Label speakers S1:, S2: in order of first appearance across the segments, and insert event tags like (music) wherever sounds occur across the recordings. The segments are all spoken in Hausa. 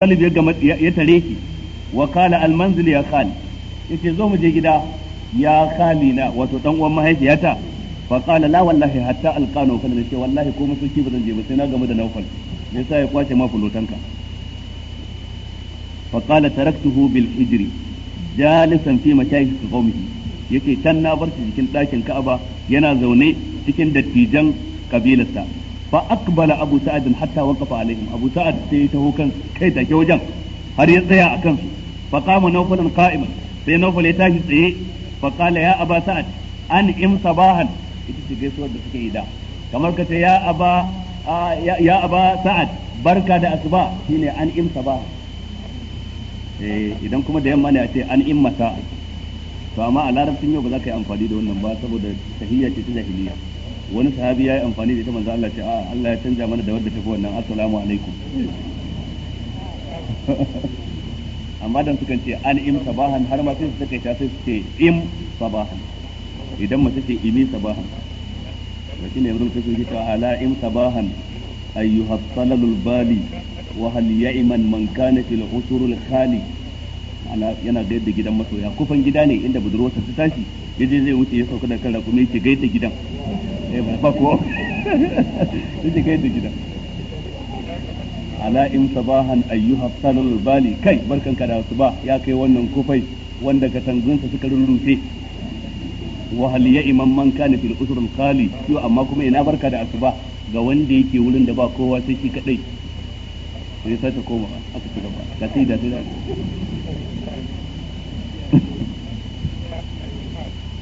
S1: Talib ya gama ya tare shi wa qala al manzil ya khali yace zo mu je gida ya khali na wato dan uwan mahaifiyata fa qala la wallahi hatta alqano kana ce wallahi ko musulki ba zan je ba sai na gama da naufal ne sai ya kwace ma fulotanka fa qala taraktuhu bil hijri jalisan fi mashayikh qaumihi yace can na bar shi cikin dakin Ka'aba yana zaune cikin dattijan kabilarsa fa akbala abu sa'ad hatta waqafa alaihim abu sa'ad sai taho kan kai take wajen har ya tsaya akan su fa qama nawfalan qa'iman sai nawfal ya tashi tsaye fa qala ya aba sa'ad an im sabahan ita ce gaisuwar da suke yi da kamar ka ce ya aba ya aba sa'ad barka da asuba shine an im sabah eh idan kuma da yamma ne a ce an im mata to amma a larabcin yau ba za ka yi amfani da wannan ba saboda tahiyya ce ta jahiliya wani sahabi ya yi amfani da ita manzo Allah ce a Allah ya canja mana da wadda tafi wannan assalamu alaikum (laughs) amma dan suka ce an im sabahan har ma sai su take ta sai su ce im sabahan idan mace ce imi sabahan wace ne rubuta su ta ala im sabahan ayyuha salalul bali wa hal ya'iman man kana fil usurul khali ana yana gaida da gidan masoya kufan gida ne inda budurwarsa ta tashi yaje zai wuce ya sauka da kan rakumi yake gaida gidan
S2: eh ba ko (laughs)
S1: yaje gaida gidan ala in sabahan ayyuha salul bali kai barkan ka da suba ya kai wannan kufai wanda katangunsa suka rurrufe wa hal ya imam man kana fil usrul qali yo amma kuma ina barka da asuba ga wanda yake wurin da ba kowa sai shi kadai sai sai ta koma aka ci gaba da sai da sai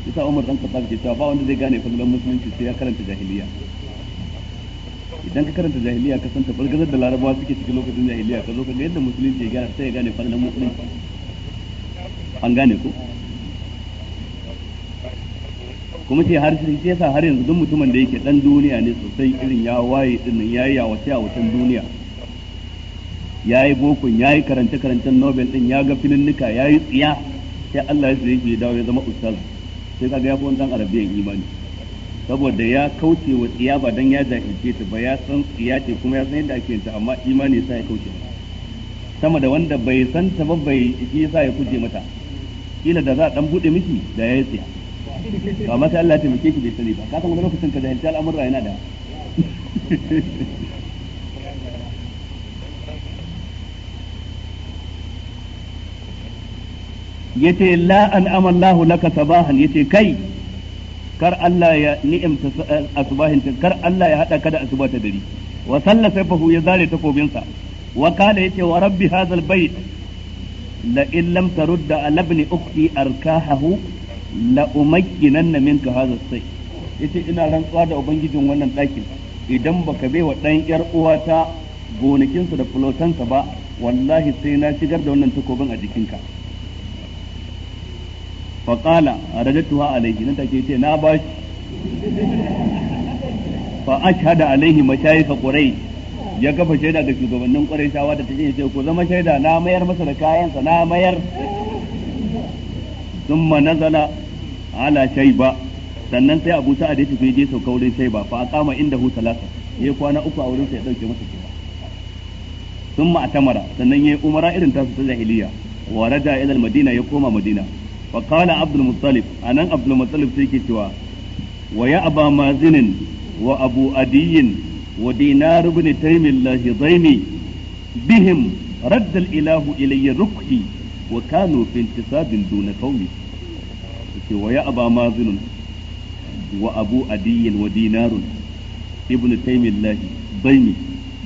S1: yasa Umar dan Khattab ke cewa ba wanda zai gane fadlan musulunci sai ya karanta jahiliya idan ka karanta jahiliya ka san tabargazar da larabawa suke cikin lokacin jahiliya ka zo ka ga yadda musulunci ya gane sai ya gane fadlan musulunci an gane ko kuma ce har shi sai yasa har yanzu duk mutumin da yake dan duniya ne sosai irin ya waye din ya yi yawace a wutan duniya ya yi bokun ya yi karance karancen nobel din ya ga nika ya yi tsiya sai Allah ya tsire ya dawo ya zama ustazu sai kaga ya fi wani dan arabiyan imani saboda ya kauce wa tsiya ba dan ya jahilce ta ba ya san tsiya ce kuma ya san yadda ake ta amma imani sa ya kauce sama da wanda bai san ta ba bai yi sa ya kuje mata kila da za a dan bude miki da ya tsiya to amma sai Allah ya taimake ki bai sani ba ka san wani lokacin ka jahilce al'amura yana da
S2: (laughs)
S1: yace la an amallahu laka sabahan yace kai kar Allah ya ni'imta eh, asbahin kar Allah ya hada ka da asuba ta dare wa salla sayfahu ya zare takobin sa wa kana yace wa rabbi hadzal bait la in lam tarudda ala ibn ukhti arkahahu la umakkinanna minka hadzal sai yace ina rantsuwa da ubangijin wannan dakin idan baka wa dan yar uwata gonakinsa da fulotansa ba wallahi sai na shigar da wannan takobin a jikinka a qala radatuha alayhi nan take ce na ba shi fa ashhada alaihi mashayikh quraish ya kafa shaida ga shugabannin shawa da take ce ko zama shaida na mayar masa da kayansa na mayar thumma nazala ala shayba sannan sai Abu Sa'ad ya tafi je sauka wurin shayba fa aqama hu talata yayi kwana uku a wurin sa ya dauke masa shayba thumma atamara sannan yayi umara irin tasu ta jahiliya wa raja ila al-madina ya koma madina fa qala abdul muttalib anan abdul ke cewa wa ya aba mazinin wa abu adiyin wa dinar ibn taymillah zaimi bihim ilayya rukhi wa kanu fi intisabin duna qawmi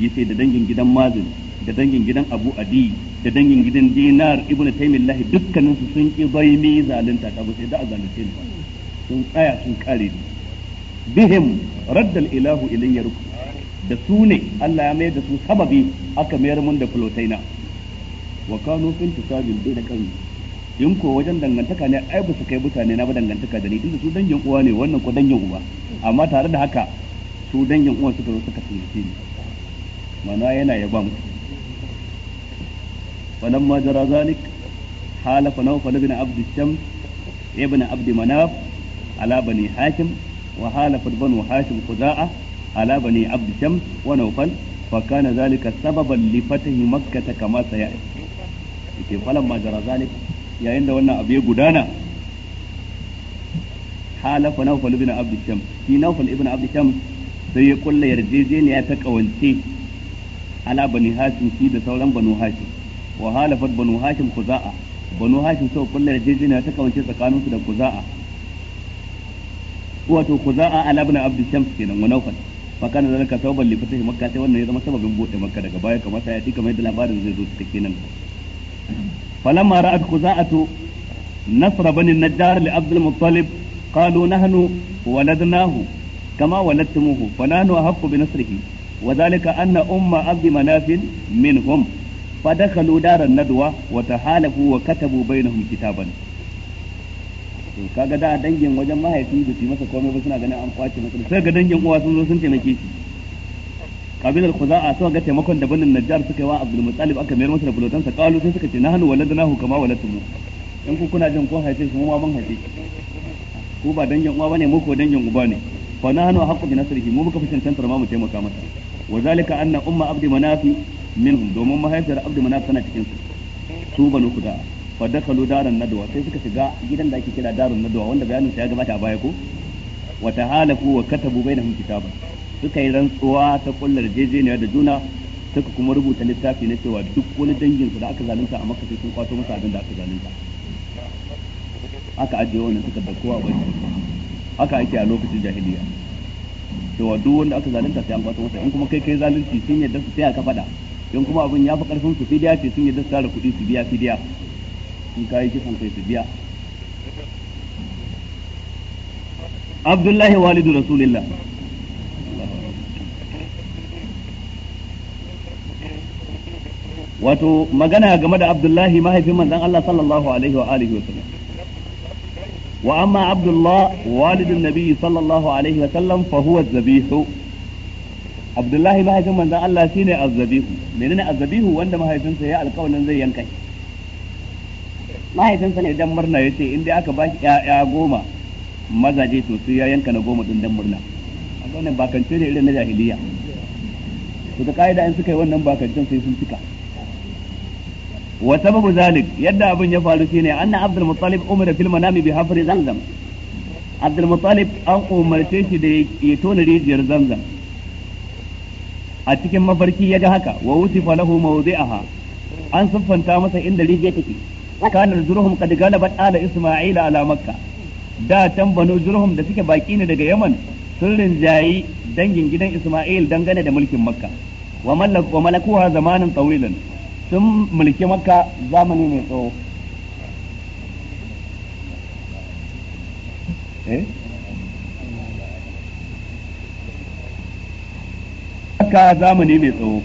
S1: yace da dangin gidan da dangin gidan dinar ibn taymillah dukkanin su sun ki zaimi zalunta ta ba sai da zalunce ne sun tsaya sun kare ni bihim raddal ilahu ilayya rukun da su ne Allah ya mayar da su sababi aka mayar mun da fulotaina wa kanu fin tisabil bi da kan in ko wajen dangantaka ne ai ba su kai mutane na ba dangantaka da ni tunda su dangin uwa ne wannan ko dangin uba amma tare da haka su dangin uwa suka zo suka tsinci ni mana yana yaba musu فلما جرى ذلك حالف نوفل بن عبد الشمس ابن عبد مناف على بني هاشم وحالفت بنو هاشم خزاعة على بني عبد شمس ونوفل فكان ذلك سببا لفتح مكة كما سيأتي ke falamma jara zalik yayin da wannan abu ya gudana halafa nawfal ibn abd shams shi nawfal ibn abd shams sai ya kulla yarjejeniya ta kawance ala bani shi da sauran banu wa halafat banu hashim kuza'a banu hashim sau kullar jejina ta kawance tsakaninsu da kuza'a wato kuza'a ala ibn abd shams kenan wa nawfal fa kana zalika sababan li fatahi makka sai wannan ya zama sababin bude makka daga baya kamar ta yati kamar da labarin zai zo take nan falamma ra'at kuza'atu nasr bani najjar li abd waladnahu kama وذلك أن أم عبد مناف منهم fa dakhalu daran nadwa wa tahalafu wa katabu bainahum kitaban to kaga da dangin wajen mahaifi da su masa komai ba suna ganin an kwace masa sai ga dangin uwa sun zo sun taimake shi kabilar khuza'a suka ga taimakon da banin najjar suka yi wa abdul mutalib aka mayar masa da bulotan sa kalu sai suka ce nahnu waladnahu kama waladtumu in ku kuna jin ko haife shi mu ma mun haife ku ba dangin uwa bane mu ko dangin uba ne fa nahnu haqqu bi nasrihi mu muka fi cancantar ma mu taimaka masa wa zalika anna umma abdi manafi minhum domin mahaifiyar abdu manaf tana cikin su su banu kuda fa dakhalu daran nadwa sai suka shiga gidan da ake kira darun nadwa wanda bayanin sa ya gabata a baya ko wa tahalaku wa katabu bainahum kitaban suka yi rantsuwa ta kullar jejeniya da juna suka kuma rubuta littafi na cewa duk wani dangin su da aka zalunta a makka sai sun kwato masa abin da aka zalunta aka ajiye wannan suka da kowa bai aka ake a lokacin jahiliya cewa duk wanda aka zalunta sai an kwato masa in kuma kai kai zalunci sun yadda sai aka faɗa don kuma abin ya fi karfin su fidiya ce sun yi yadda da kuɗi su biya fidiya in kayi kisan kai su biya abdullahi walidu rasulillah wato magana game da abdullahi mahaifin manzon Allah sallallahu alaihi wa alihi wa sallam wa amma abdullah walidun nabi sallallahu alaihi wa sallam fa huwa zabihu abdullahi mahaifin manzan Allah shi ne azzabihu menene azzabihu wanda mahaifinsa ya alƙawarin zai yanka shi mahaifinsa ne dan murna ya ce, inda aka bashi ƴaƴa goma mazaje to sai ya yanka na goma din dan murna wannan bakance ne irin na jahiliya to da kaida in suka yi wannan bakancin sai sun cika wa sababu zalik yadda abin ya faru shine anna abdul muttalib umira fil manami bi hafri zamzam abdul muttalib an umarce shi da ya tona rijiyar zamzam a cikin mafarki ya ga haka wa wusifa lahu aha an siffanta masa inda rige take kana zurhum kad galabat ala isma'ila ala makka da tambano zurhum da suke baki ne daga yaman sun rinjayi dangin gidan isma'il dangane da mulkin makka wa mallaku wa malakuha zamanan tawilan sun mulki makka zamani mai tsawo eh
S3: haka zamani
S1: mai tsawo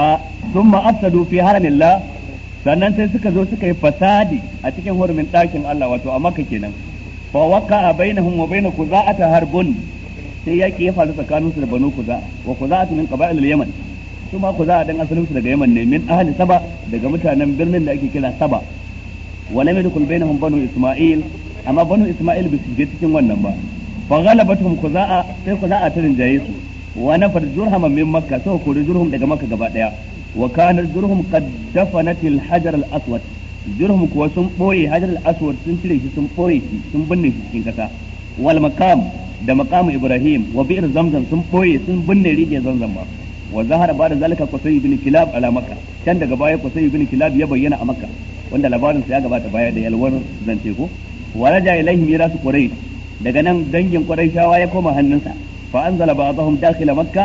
S1: a sun ma'afsadu fi haramilla sannan sai suka zo suka yi fasadi a cikin hurumin ɗakin Allah wato a maka kenan fa waka a bainahum wa baina ta harbun sai yaki ya faru tsakaninsu da banu ku za, wa kuza'atu min qaba'il al-yaman su ma ku kuza'a dan asalin su daga yaman ne min ahli saba daga mutanen birnin da ake kira saba wa lam yadkhul bainahum banu isma'il amma banu isma'il bisu je cikin wannan ba fa ghalabatuhum khuza'a sai khuza'a ta rinjaye su wa nafar jurhama min makka sai kori jurhum daga makka gaba daya wa kana jurhum qad dafanat al hajar al aswad jurhum kuwa sun boye hajar al aswad sun cire shi sun boye shi sun binne shi cikin kasa wal maqam da maqam ibrahim wa bi'r zamzam sun boye sun binne rige zamzam ba wa zahara ba da zalika qusay ibn kilab ala makka can daga baya qusay ibn kilab ya bayyana a makka wanda labarin sa ya gabata baya da yalwar zance ko wa raja ilaihim mirasu quraish daga nan dangin quraishawa ya koma hannunsa fa anzala ba'dahum dakhil makka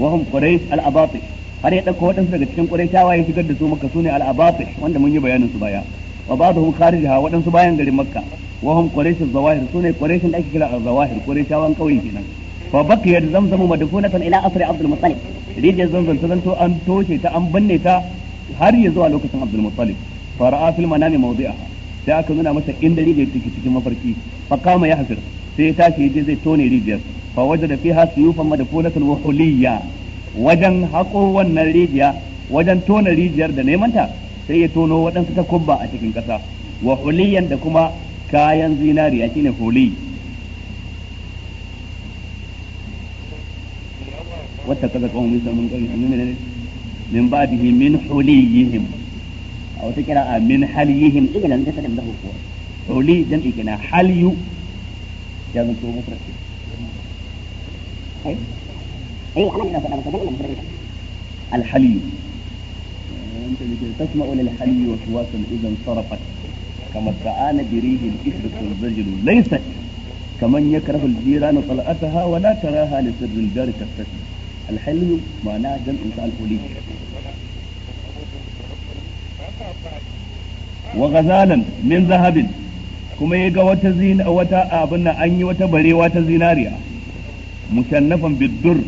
S1: wa hum quraish al-abati har ya dauko wadansu daga cikin quraishawa ya shigar da su makka sune al-abati wanda mun yi bayanin su baya wa ba'dahum kharijaha wadansu bayan garin makka wa hum quraish az-zawahir sune quraishin da ake kira az-zawahir quraishawan kauyen kenan fa baqiyat zamzam madfunatan ila asr abdul muttalib rijiyar zamzam ta zanto an toshe ta an banne ta har ya zuwa lokacin abdul muttalib fara'a fil manami mawdi'aha sai aka nuna masa inda rijiyar take cikin mafarki fa kama ya hasir sai ya tashi yaje zai tone rijiyar fa wajada fiha suyufan madfulatan wa wajen haƙo wannan rijiya wajen tona rijiyar da nemanta sai ya tono waɗansu takubba a cikin ƙasa wa da kuma kayan zinariya shine huli wata kaza kawai mun san mun gani min ba'dihi min huliyihim أو تكرا من حليهم إلى أن تسلم له قوة حلي جمع كنا حلي جمع كنا مفرد طيب. أي أيوة، أي أنا من أفضل أفضل أفضل الحلي أنت تسمع للحلي وشواس إذا انصرفت كما استعان بريه الإثر والزجل ليست كمن يكره الجيران طلعتها ولا تراها لسر الجار كالسجن الحلي معناه إنسان الحلي wa ghazalan min zahabin kuma ya ga wata zina wata abin nan an yi wata barewa ta zinariya mushannafan biddur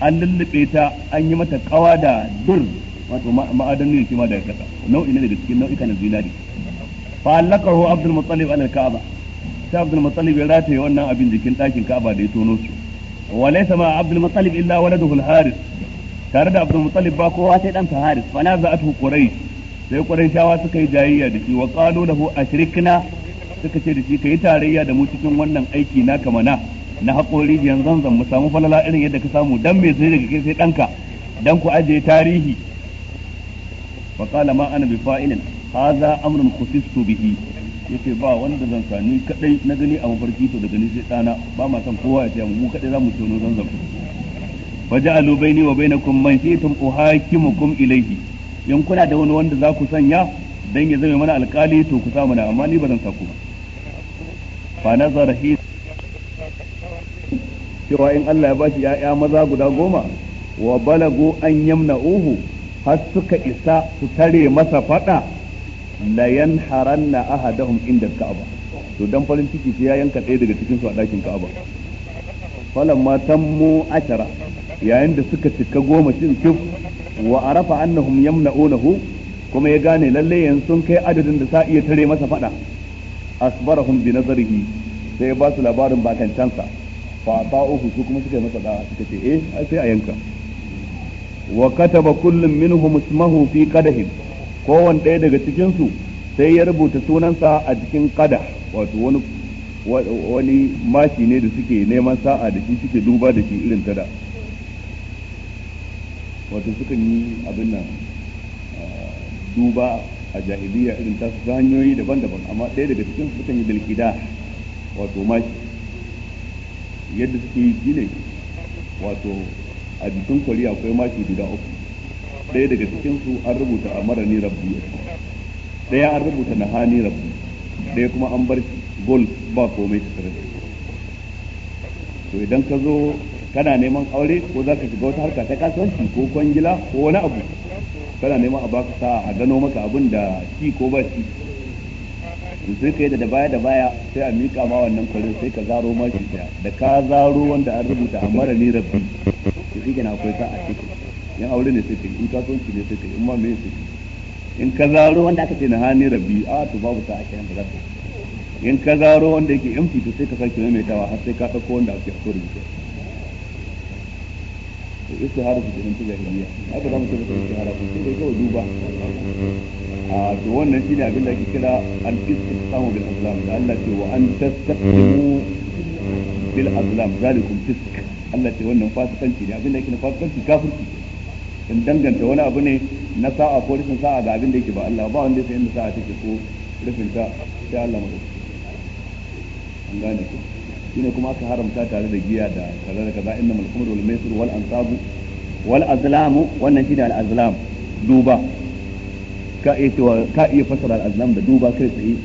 S1: an lullube ta an yi mata kawa da dur wato ma'adanin shi ma daga kasa nau'i ne daga cikin nau'ika na zinari fa allakahu abdul muttalib ala ka'aba sai abdul muttalib ya rataye wannan abin jikin ɗakin ka'aba da ya tono su wa laysa ma abdul muttalib illa waladuhu al haris tare da abdul muttalib ba kowa sai dan haris fa naza'atu quraish sai shawa suka yi jayayya da shi wa qalu lahu ashrikna suka ce da shi ka yi tarayya da mu cikin wannan aiki na kamana na haƙori rijiyar zanzan mu samu falala irin yadda ka samu dan me sai daga kai sai ɗanka dan ku ajiye tarihi wa qala ma ana bi fa'ilin haza amrun kusistu bihi yace ba wanda zan sani kadai na gani a mafarki to daga ni sai ba ma san kowa ya ce mu kadai mu tono zanzan fa ja'alu baini wa bainakum man shi'tum uhakimukum ilayhi in kuna da wani wanda za ku sanya don ya zama mana alkali to ku sa mana amma ni ba zan sa ku ba fa nazara hi cewa in Allah ya bashi ya'ya maza guda goma wa balagu an uhu har suka isa su tare masa fada la yanharanna ahadahum
S3: inda ka'aba to dan farin ciki sai ya yanka ɗaya daga cikin su a ɗakin ka'aba
S1: falamma tammu ashara yayin da suka cika goma cin kif wa arafa annahum yamna'unahu kuma ya gane lalle yanzu sun kai adadin da sa iya tare masa fada
S3: asbarahum bi nazarihi sai ya ba su labarin bakancansa fa ta'uhu
S1: su kuma suka masa da suka ce eh sai a yanka wa kataba kullum minhum ismahu fi qadahin kowanne ɗaya daga cikin su sai ya rubuta sunansa a
S3: cikin qada wato wani wani mashi ne da suke neman sa'a da shi suke duba da shi irin tada wato sukan yi abin nan ah, duba a jahiliya irin tasu ta hanyoyi daban-daban amma ɗaya daga cikin su sukan yi bilkida wato maki yadda suke yi ne wato a jikin kwari akwai maki guda uku ɗaya daga cikin su an rubuta a mara ni rabbi ɗaya an rubuta na hani rabbi
S1: ɗaya kuma an bar gol ba komai tare da to idan ka zo kana neman aure ko za ka shiga wata harka ta kasuwanci ko kwangila ko wani abu kana neman a baka sa a gano maka abin da ci ko ba shi in sai ka yi da baya da baya sai a miƙa ma wannan kwarin sai ka zaro ma shi da ka zaro wanda an rubuta a mara ni rabbi to shi kenan akwai a cikin yan aure ne sai ka in kasuwanci ne sai ka in ma me sai ka in ka zaro wanda aka ce na hani rabbi a to babu ta ake ba za ka in ka zaro wanda yake yan fito sai ka sake maimaitawa har sai ka ɗauko wanda ake so rubuta
S3: istihara da kenan ta jahiliya haka za mu ce kawai duba a to wannan shine abin da ake kira al bil da
S1: Allah ce wa an bil zalikum fisk Allah ce wannan fasikanci ne abin da na fasikanci kafirci in danganta wani abu ne na sa'a ko rashin sa'a ga abin da yake ba Allah ba wanda ya san inda sa'a take ko rashin ta sai Allah mu an gane ku shine kuma aka haramta tare da giya da kaza da kaza innamal khamru wal maisir wal ansabu wal azlamu wannan shine al azlam duba ka iya cewa ka iya fasara al azlam da duba kai tsaye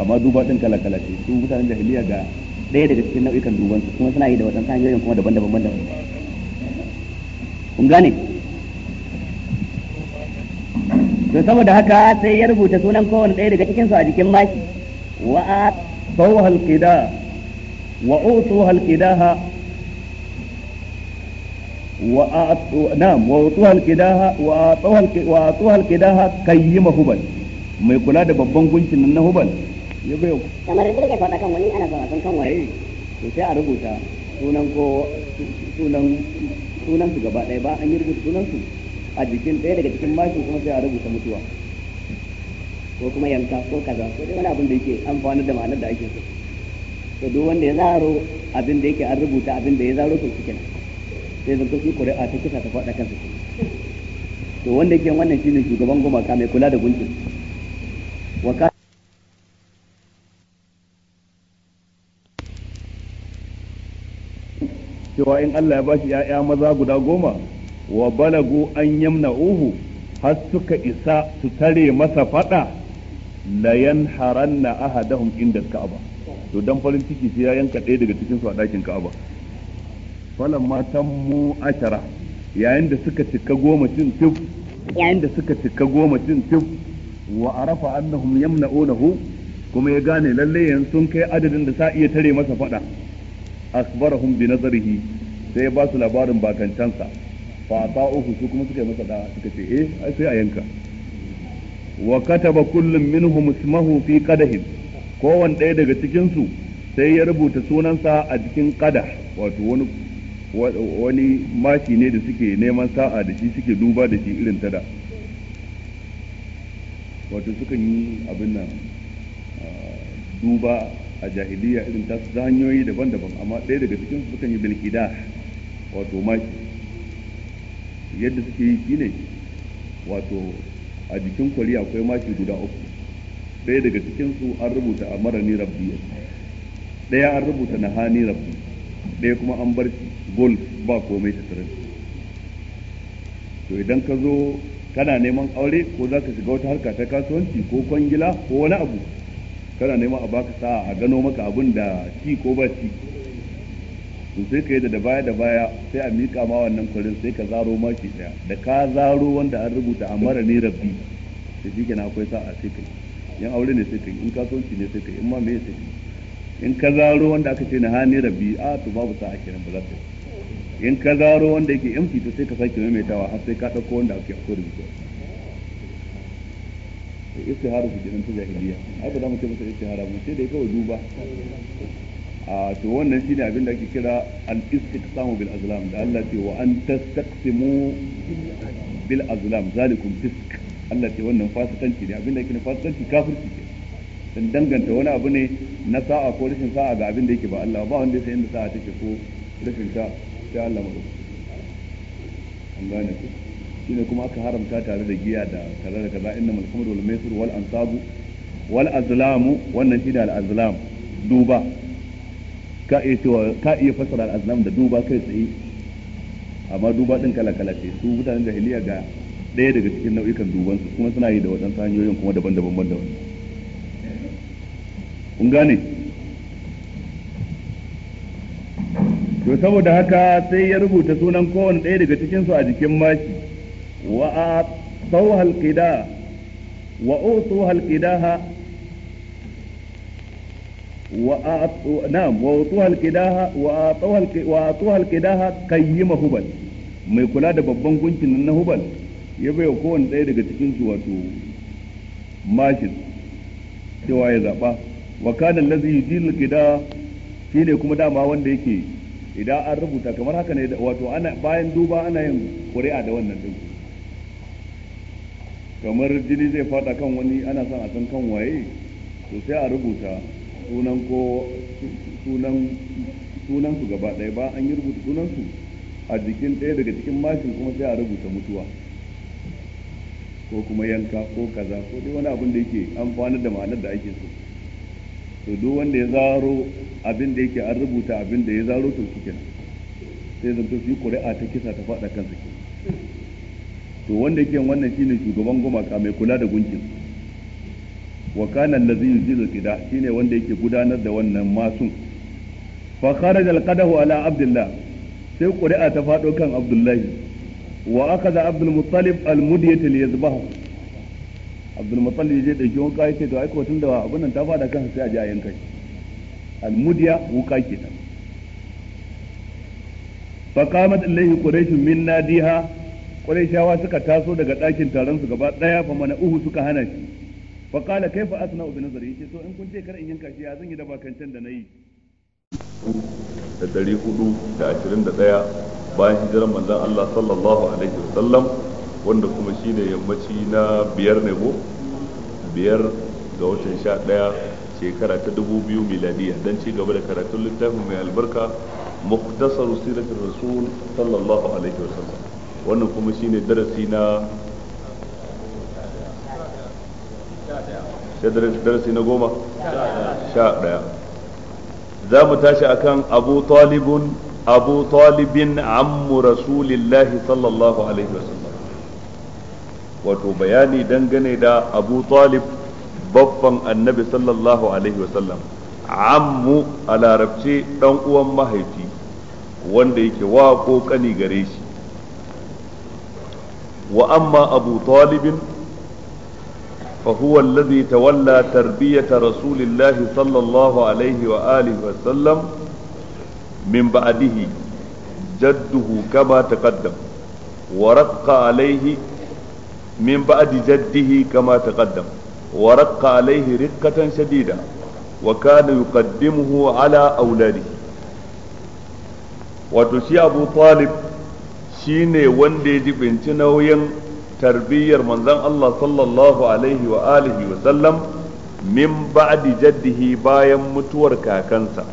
S1: amma duba din kala kala ce su mutanen jahiliya ga ɗaya daga cikin nau'ikan dubansu kuma suna yi da waɗansu hanyoyin kuma daban-daban daban kun gane to saboda haka sai ya rubuta sunan kowane ɗaya daga cikinsu a jikin maki wa a bawhal qida وأعطوها القداها وأعطوا نعم وأعطوها القداها وأعطوها وأعطوها هبل mai kula da babban gunkin nan na hubal ya kamar da kake kan wani ana kan eh, to sai a rubuta sunan ko sunan sunan su gaba ba an yi sunan su a jikin daga cikin kuma sai ko kuma yanka ko kaza ko dai wani abin da yake amfani da ma'anar da ake so to duk wanda ya zaro abin da yake an rubuta abin da ya zaro to shi kenan sai zanto shi ƙuri'a ta kisa ta faɗa kansa to wanda yake wannan shine shugaban gumaka mai kula da gunkin wa
S3: cewa in Allah ya bashi ‘ya'ya maza guda goma wa balagu an yamna uhu har suka isa su tare masa fada la yanharanna ahadahum inda ka'aba to dan farin ciki sai ya yanka ɗaya daga cikin su a ɗakin Ka'aba falan ma mu ashara yayin da suka cika goma cin tuf yayin da suka cika goma cin tuf wa arafa annahum yamna'unahu kuma ya gane lalle yanzu sun kai adadin da sa iya tare masa fada asbarahum bi nazarihi sai ba su labarin bakantansa fa ta'uhu su kuma suka yi masa da suka ce eh sai a yanka wa kataba kullum minhum ismahu fi qadahin kowane ɗaya daga cikinsu sai ya rubuta sunansa a jikin ƙada, wato wani wani maki ne da suke neman sa'a da shi suke duba da shi irin tada wato sukan yi abin nan ah, duba a jahiliya irin tasu ta hanyoyi daban-daban amma ɗaya daga cikin sukan yi bilkida wato maki yadda suke yi shine wato a jikin kwari akwai maki guda uku ɗaya daga cikin su an rubuta a mara ni rabbi ɗaya an rubuta na hani rabbi ɗaya kuma an bar gol ba komai ta tare to idan ka zo kana neman aure ko za ka shiga wata harka ta kasuwanci ko kwangila ko wani abu kana neman a baka sa a gano maka abin da ci ko ba ci to sai ka yi da baya da baya sai a miƙa ma wannan kwarin sai ka zaro maki ɗaya da ka zaro wanda an rubuta a mara ni rabbi da shi akwai sa'a sai ka yi in aure ne sai yi in kasuwanci ne sai yi in ma me sai yi in ka zaro wanda aka ce na hani rabbi a to babu sa'a kenan ba za ka yi in ka zaro wanda yake yan to sai ka sake maimaitawa har sai ka dauko wanda aka ko rubuta istihara su kenan ta jahiliya ai ba za mu ce masa istihara mu sai dai kawai duba a to wannan shine abin da ake kira al-istiqsamu bil azlam da Allah ce wa an tastaqsimu bil azlam zalikum fisk Allah ce wannan fasikanci ne abin da yake na fasikanci kafirci ke dan danganta wani abu ne na sa'a ko rashin sa'a ga abin da yake ba Allah ba wanda sai inda sa'a take ko rashin ta sai Allah mutum an gane ku shine kuma aka haramta tare da giya da kaza da kaza inna mal khamru wal maisir wal ansabu wal azlamu
S1: wannan shine al azlam duba ka iya cewa ka iya fasara al azlam da duba kai tsaye amma duba din kala kala ce su mutanen jahiliya ga ɗaya daga cikin nau'ikan su kuma suna yi da waɗansu hanyoyin kuma daban-daban ban da wani
S3: kun gane to saboda haka sai ya rubuta sunan kowane ɗaya daga cikinsu a jikin mashi wa
S1: a sau halƙida wa utu halƙidaha wa a na'am wa utu halƙidaha wa a tau halƙidaha kayyima hubal mai kula da babban gunkin na hubal
S3: ya bai wa kowane ɗaya daga cikin su wato mashin cewa ya zaɓa wa yi jin gida shi shine kuma dama wanda yake idan an rubuta kamar haka ne wato ana bayan duba ana yin ƙuri'a da wannan ɗin kamar jini zai fada kan wani ana son a san kan waye to sai a rubuta sunan ko sunan sunan su gaba ɗaya ba an yi rubuta sunan su a jikin ɗaya daga cikin mashin kuma sai a rubuta mutuwa ko kuma yanka ko kaza ko dai wani abin da yake amfani da ma'anar da ake so to duk wanda ya zaro abin da yake an rubuta abin da ya zaro to shikin kenan sai zanto shi ƙuri'a ta kisa ta faɗa kansa ke to wanda yake wannan shine shugaban gumaka mai kula da gunkin wa kana allazi yuzilu qida shine wanda yake gudanar da wannan masun fa kharaja al ala abdullah sai ƙuri'a ta faɗo kan abdullahi wa aka da abdul muttalib al mudiyata li yazbahu abdul muttalib je da jiwon kai ce to ai ko tunda abun nan ta fada kan sai a ji a yanka al mudiya wuka kenan fa qamat ilayhi quraish min nadiha quraishawa suka taso daga dakin taron su gaba daya fa mana uhu suka hana shi fa qala kaifa asna'u bi nazari yace to in kun je kar in yanka shi ya zan yi da bakancan da nayi da 421 bayan hijiran manzon Allah sallallahu alaihi wasallam wanda kuma shi ne yammaci na biyar ne ko biyar ga watan sha ɗaya shekara ta dubu biyu miladiya don ci gaba da karatun littafin mai albarka muktasar siratul rasul sallallahu alaihi wasallam wannan kuma shi ne darasi na darasi na goma sha ɗaya za mu tashi akan abu talibun abu talibin ammu rasulillahi sallallahu alaihi wasallam wato bayani dangane da abu talib babban annabi sallallahu alaihi wasallam ammu a larabce dan uwan mahaifi wanda yake wa ko kani gare shi wa amma abu talibin فهو الذي تولى تربية رسول الله صلى الله عليه وآله وسلم من بعده جده كما تقدم ورق عليه من بعد جده كما تقدم ورق عليه رقة شديدة وكان يقدمه على أولاده وتشي أبو طالب shine wanda ya jibinci nauyin tarbiyyar manzon Allah sallallahu alaihi wa alihi wa sallam min ba'di bayan mutuwar kakansa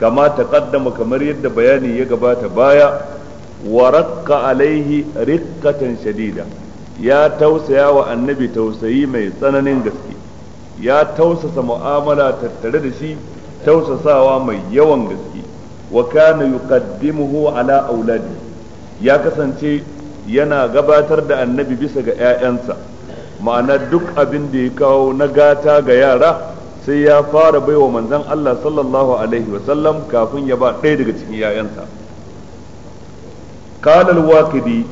S3: kama ta taqaddama kamar yadda bayani ya gabata baya wa raqqa alaihi rikkatan shadida ya tausaya wa annabi tausayi mai tsananin gaske ya tausasa mu'amala tattare da shi tausasawa mai yawan gaske wa kana yuqaddimuhu ala auladi ya kasance yana gabatar da annabi bisa ga 'ya'yansa ma'ana duk abin da ya kawo na gata ga yara sai ya fara baiwa manzon Allah sallallahu alaihi wasallam kafin ya ba ɗaya daga cikin yayansa kalal al kama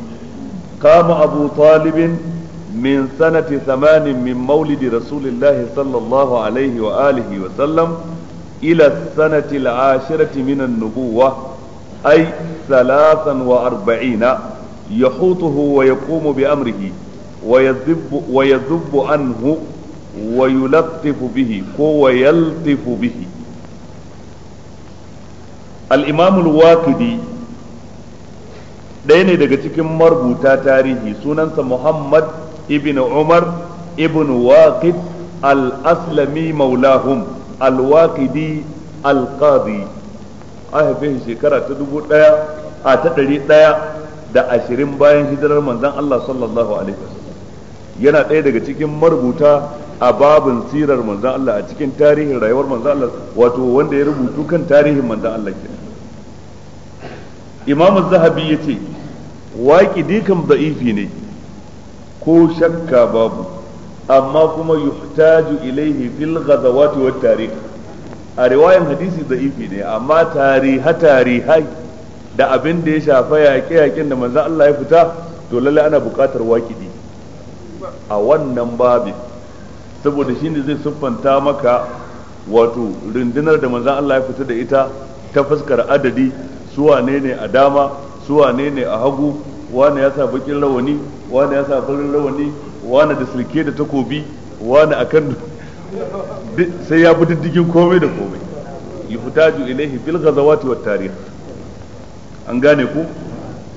S3: qama abu talib min sanati thamanin min maulidi rasulillahi sallallahu alaihi wa alihi wa sallam ila sanati al-ashirati min an-nubuwa ay 43 yahutuhu wa yaqumu bi amrihi wa yadhibbu wa yadhubbu anhu wa yulattifu ko wa yaltifu bihi al-imam ɗaya ne daga cikin marubuta tarihi sunansa muhammad ibn umar ibn waqid al-aslami maulahum al-waqidi al-qadi a haife shekara ta dubu ɗaya a ta ɗari ɗaya da ashirin bayan hijirar manzon allah sallallahu alaihi wasallam yana ɗaya daga cikin marubuta a babin sirar manzan Allah a cikin tarihin rayuwar manzan Allah wato wanda ya rubutu kan tarihin manzan Allah ke Imam Zahabi ya ce waƙi dikan za'ifi ne ko shakka babu amma kuma yuhtaju ilaihi fil ghazawati wat tarikh a riwayan hadisi za'ifi ne amma tariha tariha da abin da ya shafa yaƙe-yaƙen da manzan Allah ya fita to lalle ana buƙatar waƙidi a wannan babi saboda shi ne zai siffanta maka wato rundunar da manzan Allah ya fita da ita ta fuskar adadi su wane ne a dama su wane ne a hagu wane ya sa bakin rawani wane ya sa farin rawani wane da silke da takobi wane akan (laughs) sai ya diddigin komai da komai ju ilaihi bil gazawati wat tarihi an gane ku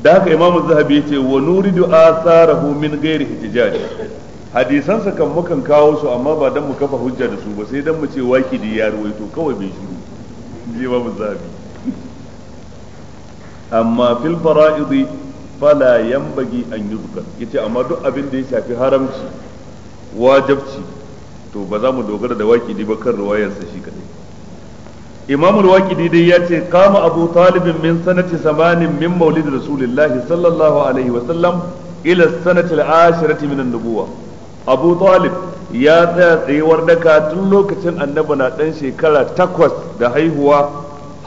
S3: da haka imamu zahabi ya ce wa nuridu asarahu min gairi hijjaji hadisansa kan mukan kawo su amma ba dan mu kafa hujja da su ba sai dan mu ce waki waqidi ya ruwaito kawai bai shiru je imamu zahabi amma fil fara'idi fala yanbaghi an yuzkar yace amma duk abin da ya shafi haramci wajabci to ba za mu dogara da waki waqidi ba kan ruwayarsa shi kadai imam al-waqidi dai ya ce kama abu talib min sanati samanin min maulid rasulillahi sallallahu alaihi wa sallam ila sanati al-ashirati min an-nubuwa abu talib ya tsaya tsayuwar daka tun lokacin annabi na ɗan shekara takwas da haihuwa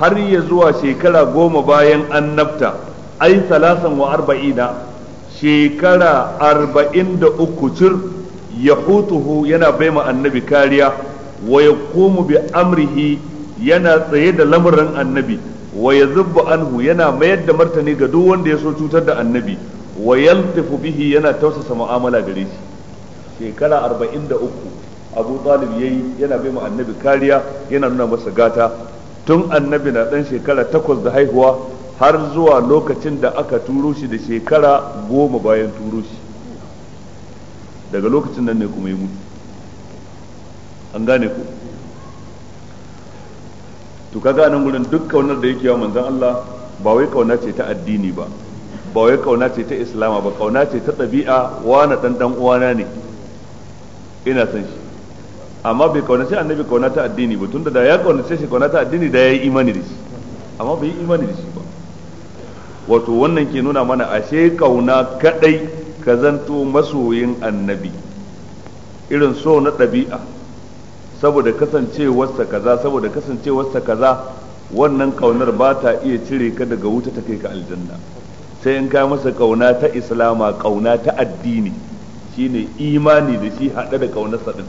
S3: har ya zuwa shekara goma bayan annabta ai salasan wa arba'ina shekara arba'in da uku cir ya hutuhu yana baima annabi kariya wa ya bi amrihi yana tsaye da lamarin annabi wa zubba anhu yana mayar da martani ga duk wanda ya so cutar da annabi wa yaltifu bihi yana tausasa mu'amala gare shi shekara 43 Abu Talib yayi yana bai mu annabi kariya yana nuna masa gata tun annabi na dan shekara takwas da haihuwa har zuwa lokacin da aka turo shi da shekara goma bayan turo shi daga lokacin nan ne kuma ya mutu an gane ku to kaga nan gurin duk kaunar da yake yawa manzon Allah ba wai kauna ce ta addini ba ba wai kauna ce ta islama ba kauna ce ta ɗabi'a wani dan dan uwana ne ina son shi amma bai ce annabi kauna ta addini ba tunda da ya kaunace shi kauna ta addini da ya yi imani da shi amma bai yi imani da shi ba wato wannan ke nuna mana ashe kauna kadai ka zanto masoyin annabi irin so na ɗabi'a saboda kasancewarsa kaza saboda kasancewarsa kaza wannan kaunar ba ta iya cire ka daga wuta ta kai ka aljanna sai in ka masa kauna ta islama kauna ta addini shine imani da shi hada da kaunarsa din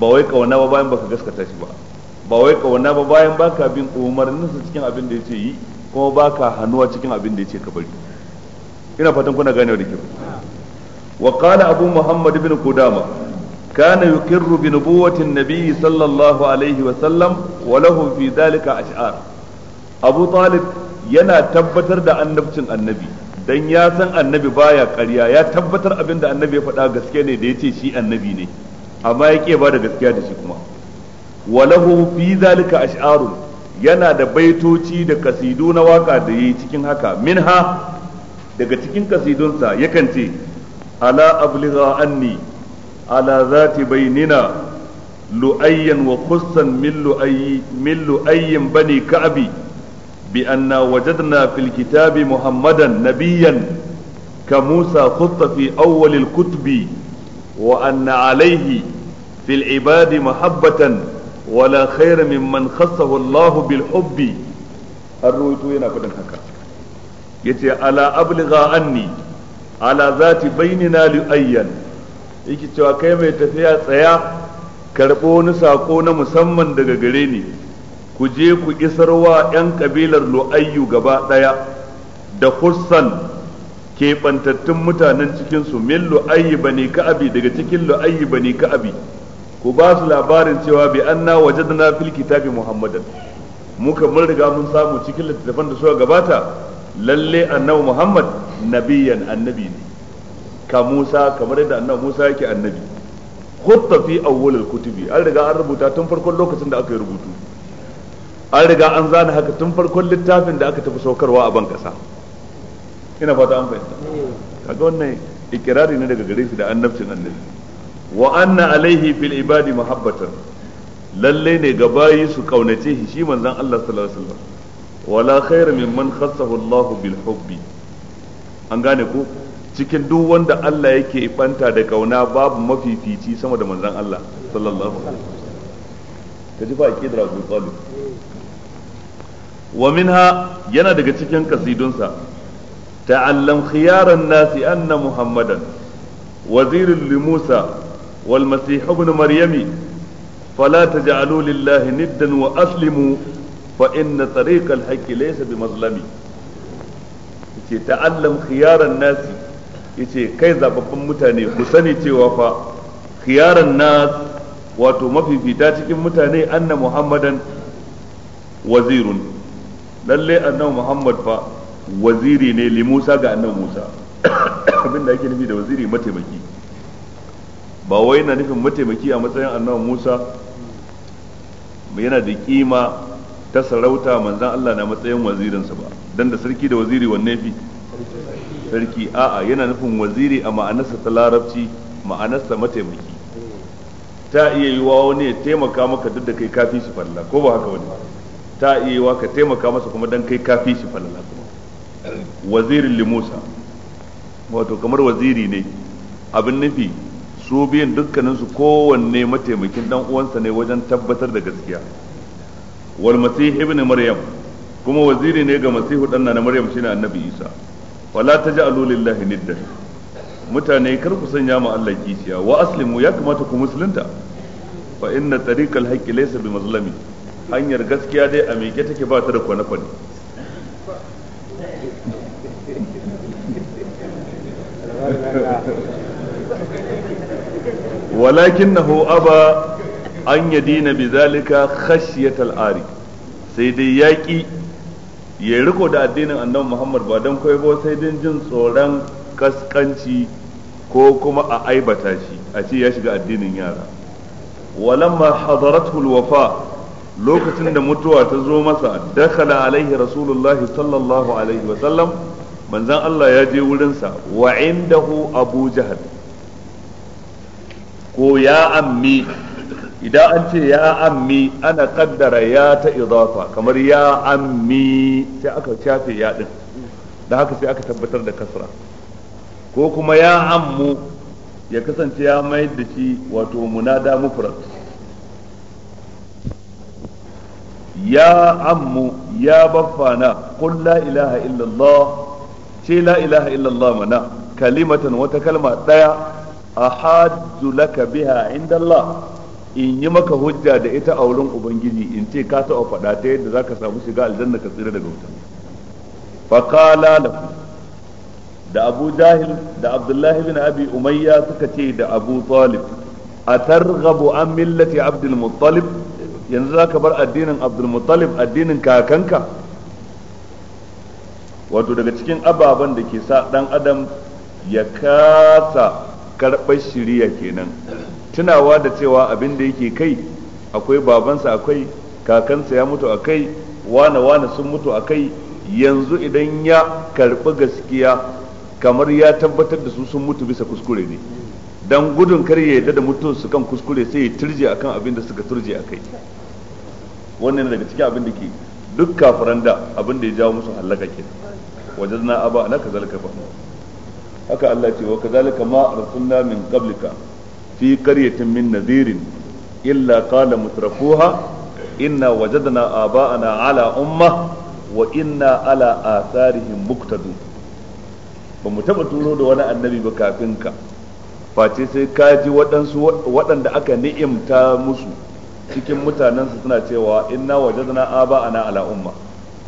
S3: ba wai kauna ba bayan baka gaskata shi ba ba wai kauna ba bayan baka bin umarninsa cikin abin da yace yi kuma baka hannuwa cikin abin da yace ka bari ina fatan kuna ganewa da kyau wa qala abu muhammad ibn qudama kana yuqirru bi nubuwwati an-nabi sallallahu fi dhalika ash'ar Abu Talib yana tabbatar da annabcin annabi dan ya san annabi baya karya ya tabbatar abin da annabi ya faɗa gaske ne da ce shi annabi ne amma ya ke ba da gaskiya da shi kuma walahu fi zalika ash'arun yana da baitoci da kasidu na waka da yayi cikin haka minha daga cikin kasidunsa yakan ce ala abligha anni ala zati bainina lu'ayyan wa kusan min lu'ayyi lu'ayyin bani ka'bi bi anna wajadna fil kitabi muhammadan nabiyyan ka musa khutta awali kutubi wa anna alayhi fil ibadi mahabbatan wala khayra mimman khassahu Allah bil hubbi har yana faɗin haka yace ala abligha anni ala zati bainina lu'ayyan yake cewa kai mai tafiya tsaya karɓo wani saƙo na musamman daga gare ni ku je ku wa 'yan kabilar lu'ayyu gaba ɗaya da hussan keɓantattun mutanen cikinsu min ba bani ka'abi daga cikin ba bani ka'abi ku ba su labarin cewa bi waje da fil kitabi muhammadan muka mun riga mun samu cikin littattafan da suka gabata lalle annabi muhammad nabiyan annabi ne ka Musa kamar yadda annabi Musa yake annabi hutta fi awwalil kutubi an riga an rubuta tun farkon lokacin da aka yi rubutu an riga an zana haka tun farkon littafin da aka tafi saukarwa a ban kasa ina fata an fahimta kaga wannan ikirari ne daga gare shi da annabcin annabi wa anna alaihi fil ibadi mahabbatan lalle ne ga bayi su kaunace shi shi manzon Allah sallallahu alaihi wasallam wala khayra mimman khassahu Allah bil hubbi an gane ko cikin duk wanda Allah yake banta da ƙauna babu mafifici sama da manzon Allah sallallahu alaihi wasallam kaji fa aqidar Abu Talib wa minha yana daga cikin kasidunsa ta'allam khiyaran nasi anna muhammadan wazirin limusa Musa wal masih ibn maryami fala lillahi niddan wa aslimu fa inna tariqal haqqi laysa bi mazlami ce ta'allam khiyaran nasi yace kai zababban mutane ku sani cewa fa khiyaran nas wato mafifita cikin mutane anna muhammadan wazirun lalle annabi muhammad fa waziri ne li musa ga annabi musa (coughs) abinda ake nufi da waziri mataimaki ba wai na nufin mataimaki a matsayin annabi musa yana da kima ta sarauta manzan allah na matsayin wazirinsa ba dan da sarki da waziri wanne fi sarki a'a yana nufin waziri a ma'anarsa ta larabci ma'anarsa mataimaki ta iya yiwa wani ya taimaka maka duk da kai kafi shi falla, ko ba haka wani ta iya yiwa ka taimaka masa kuma dan kai kafi shi falla. kuma wazirin Limusa, wato kamar waziri ne abin nufi su biyan dukkaninsu kowanne mataimakin dan uwansa ne wajen tabbatar da gaskiya wal masih ibn maryam kuma waziri ne ga masihu dan na maryam shine annabi isa wala ji lillahi niddan mutane kar ku sanya ma Allah kishiya wa aslimu ya kamata ku musulunta fa inna tariqal haqqi laysa bi mazlami hanyar gaskiya dai a miƙe take ba ta da kwana kwana ولكنه أبى bizalika يدين بذلك خشية sai dai ياكي ya riko da addinin annabi Muhammad ba don kai ba sai din jin tsoron kaskanci ko kuma a aibata shi a ce ya shiga addinin yara walamma hadaratul wafa lokacin da mutuwa ta zo masa dakala alaihi rasulullahi sallallahu alaihi wa sallam manzon Allah ya je wurinsa wa indahu abu jahal ko ya ammi idan an ce ya ammi ana kaddara ya ta idafa kamar ya ammi sai aka shafe ya din da haka sai aka tabbatar da kasra ko kuma ya ammu ya kasance ya mayar da shi wato munada mufrad ya ammu ya baffana qul la ilaha illallah ce la ilaha illallah mana kalimatan wata kalma daya ahaddu laka biha inda Allah in yi maka hujja da ita a wurin ubangiji in ce ka taɓa faɗa ta yadda za ka samu shiga aljanna ka tsira daga wuta faƙala da da abu jahil da abdullahi bin abi umayya suka ce da abu talib a targhabu an millati abdul muttalib yanzu za ka bar addinin abdul muttalib addinin kakanka wato daga cikin ababen da ke sa ɗan adam ya kasa karɓar shiriya kenan tunawa da cewa abin da yake kai akwai babansa akwai kakansa ya mutu akai wane wane sun mutu akai yanzu idan ya karbi gaskiya kamar ya tabbatar da su sun mutu bisa kuskure ne dan gudun kar ya yarda da mutun su kan kuskure sai ya turje akan abin da suka turje akai wannan daga cikin abin da ke duk kafiran da abin da ya jawo musu halaka ke wajadna aba na zalika fa haka Allah ce wa kazalika ma arsalna min qablika fi qaryatin min nazirin illa qala mutrafuha inna wajadna aba'ana ala umma wa inna ala atharihim muqtadun ba mu taba turo da wani annabi ba kafin ka face sai ka ji waɗansu waɗanda aka ni'imta musu cikin mutanensu suna cewa inna wajadna aba'ana ala umma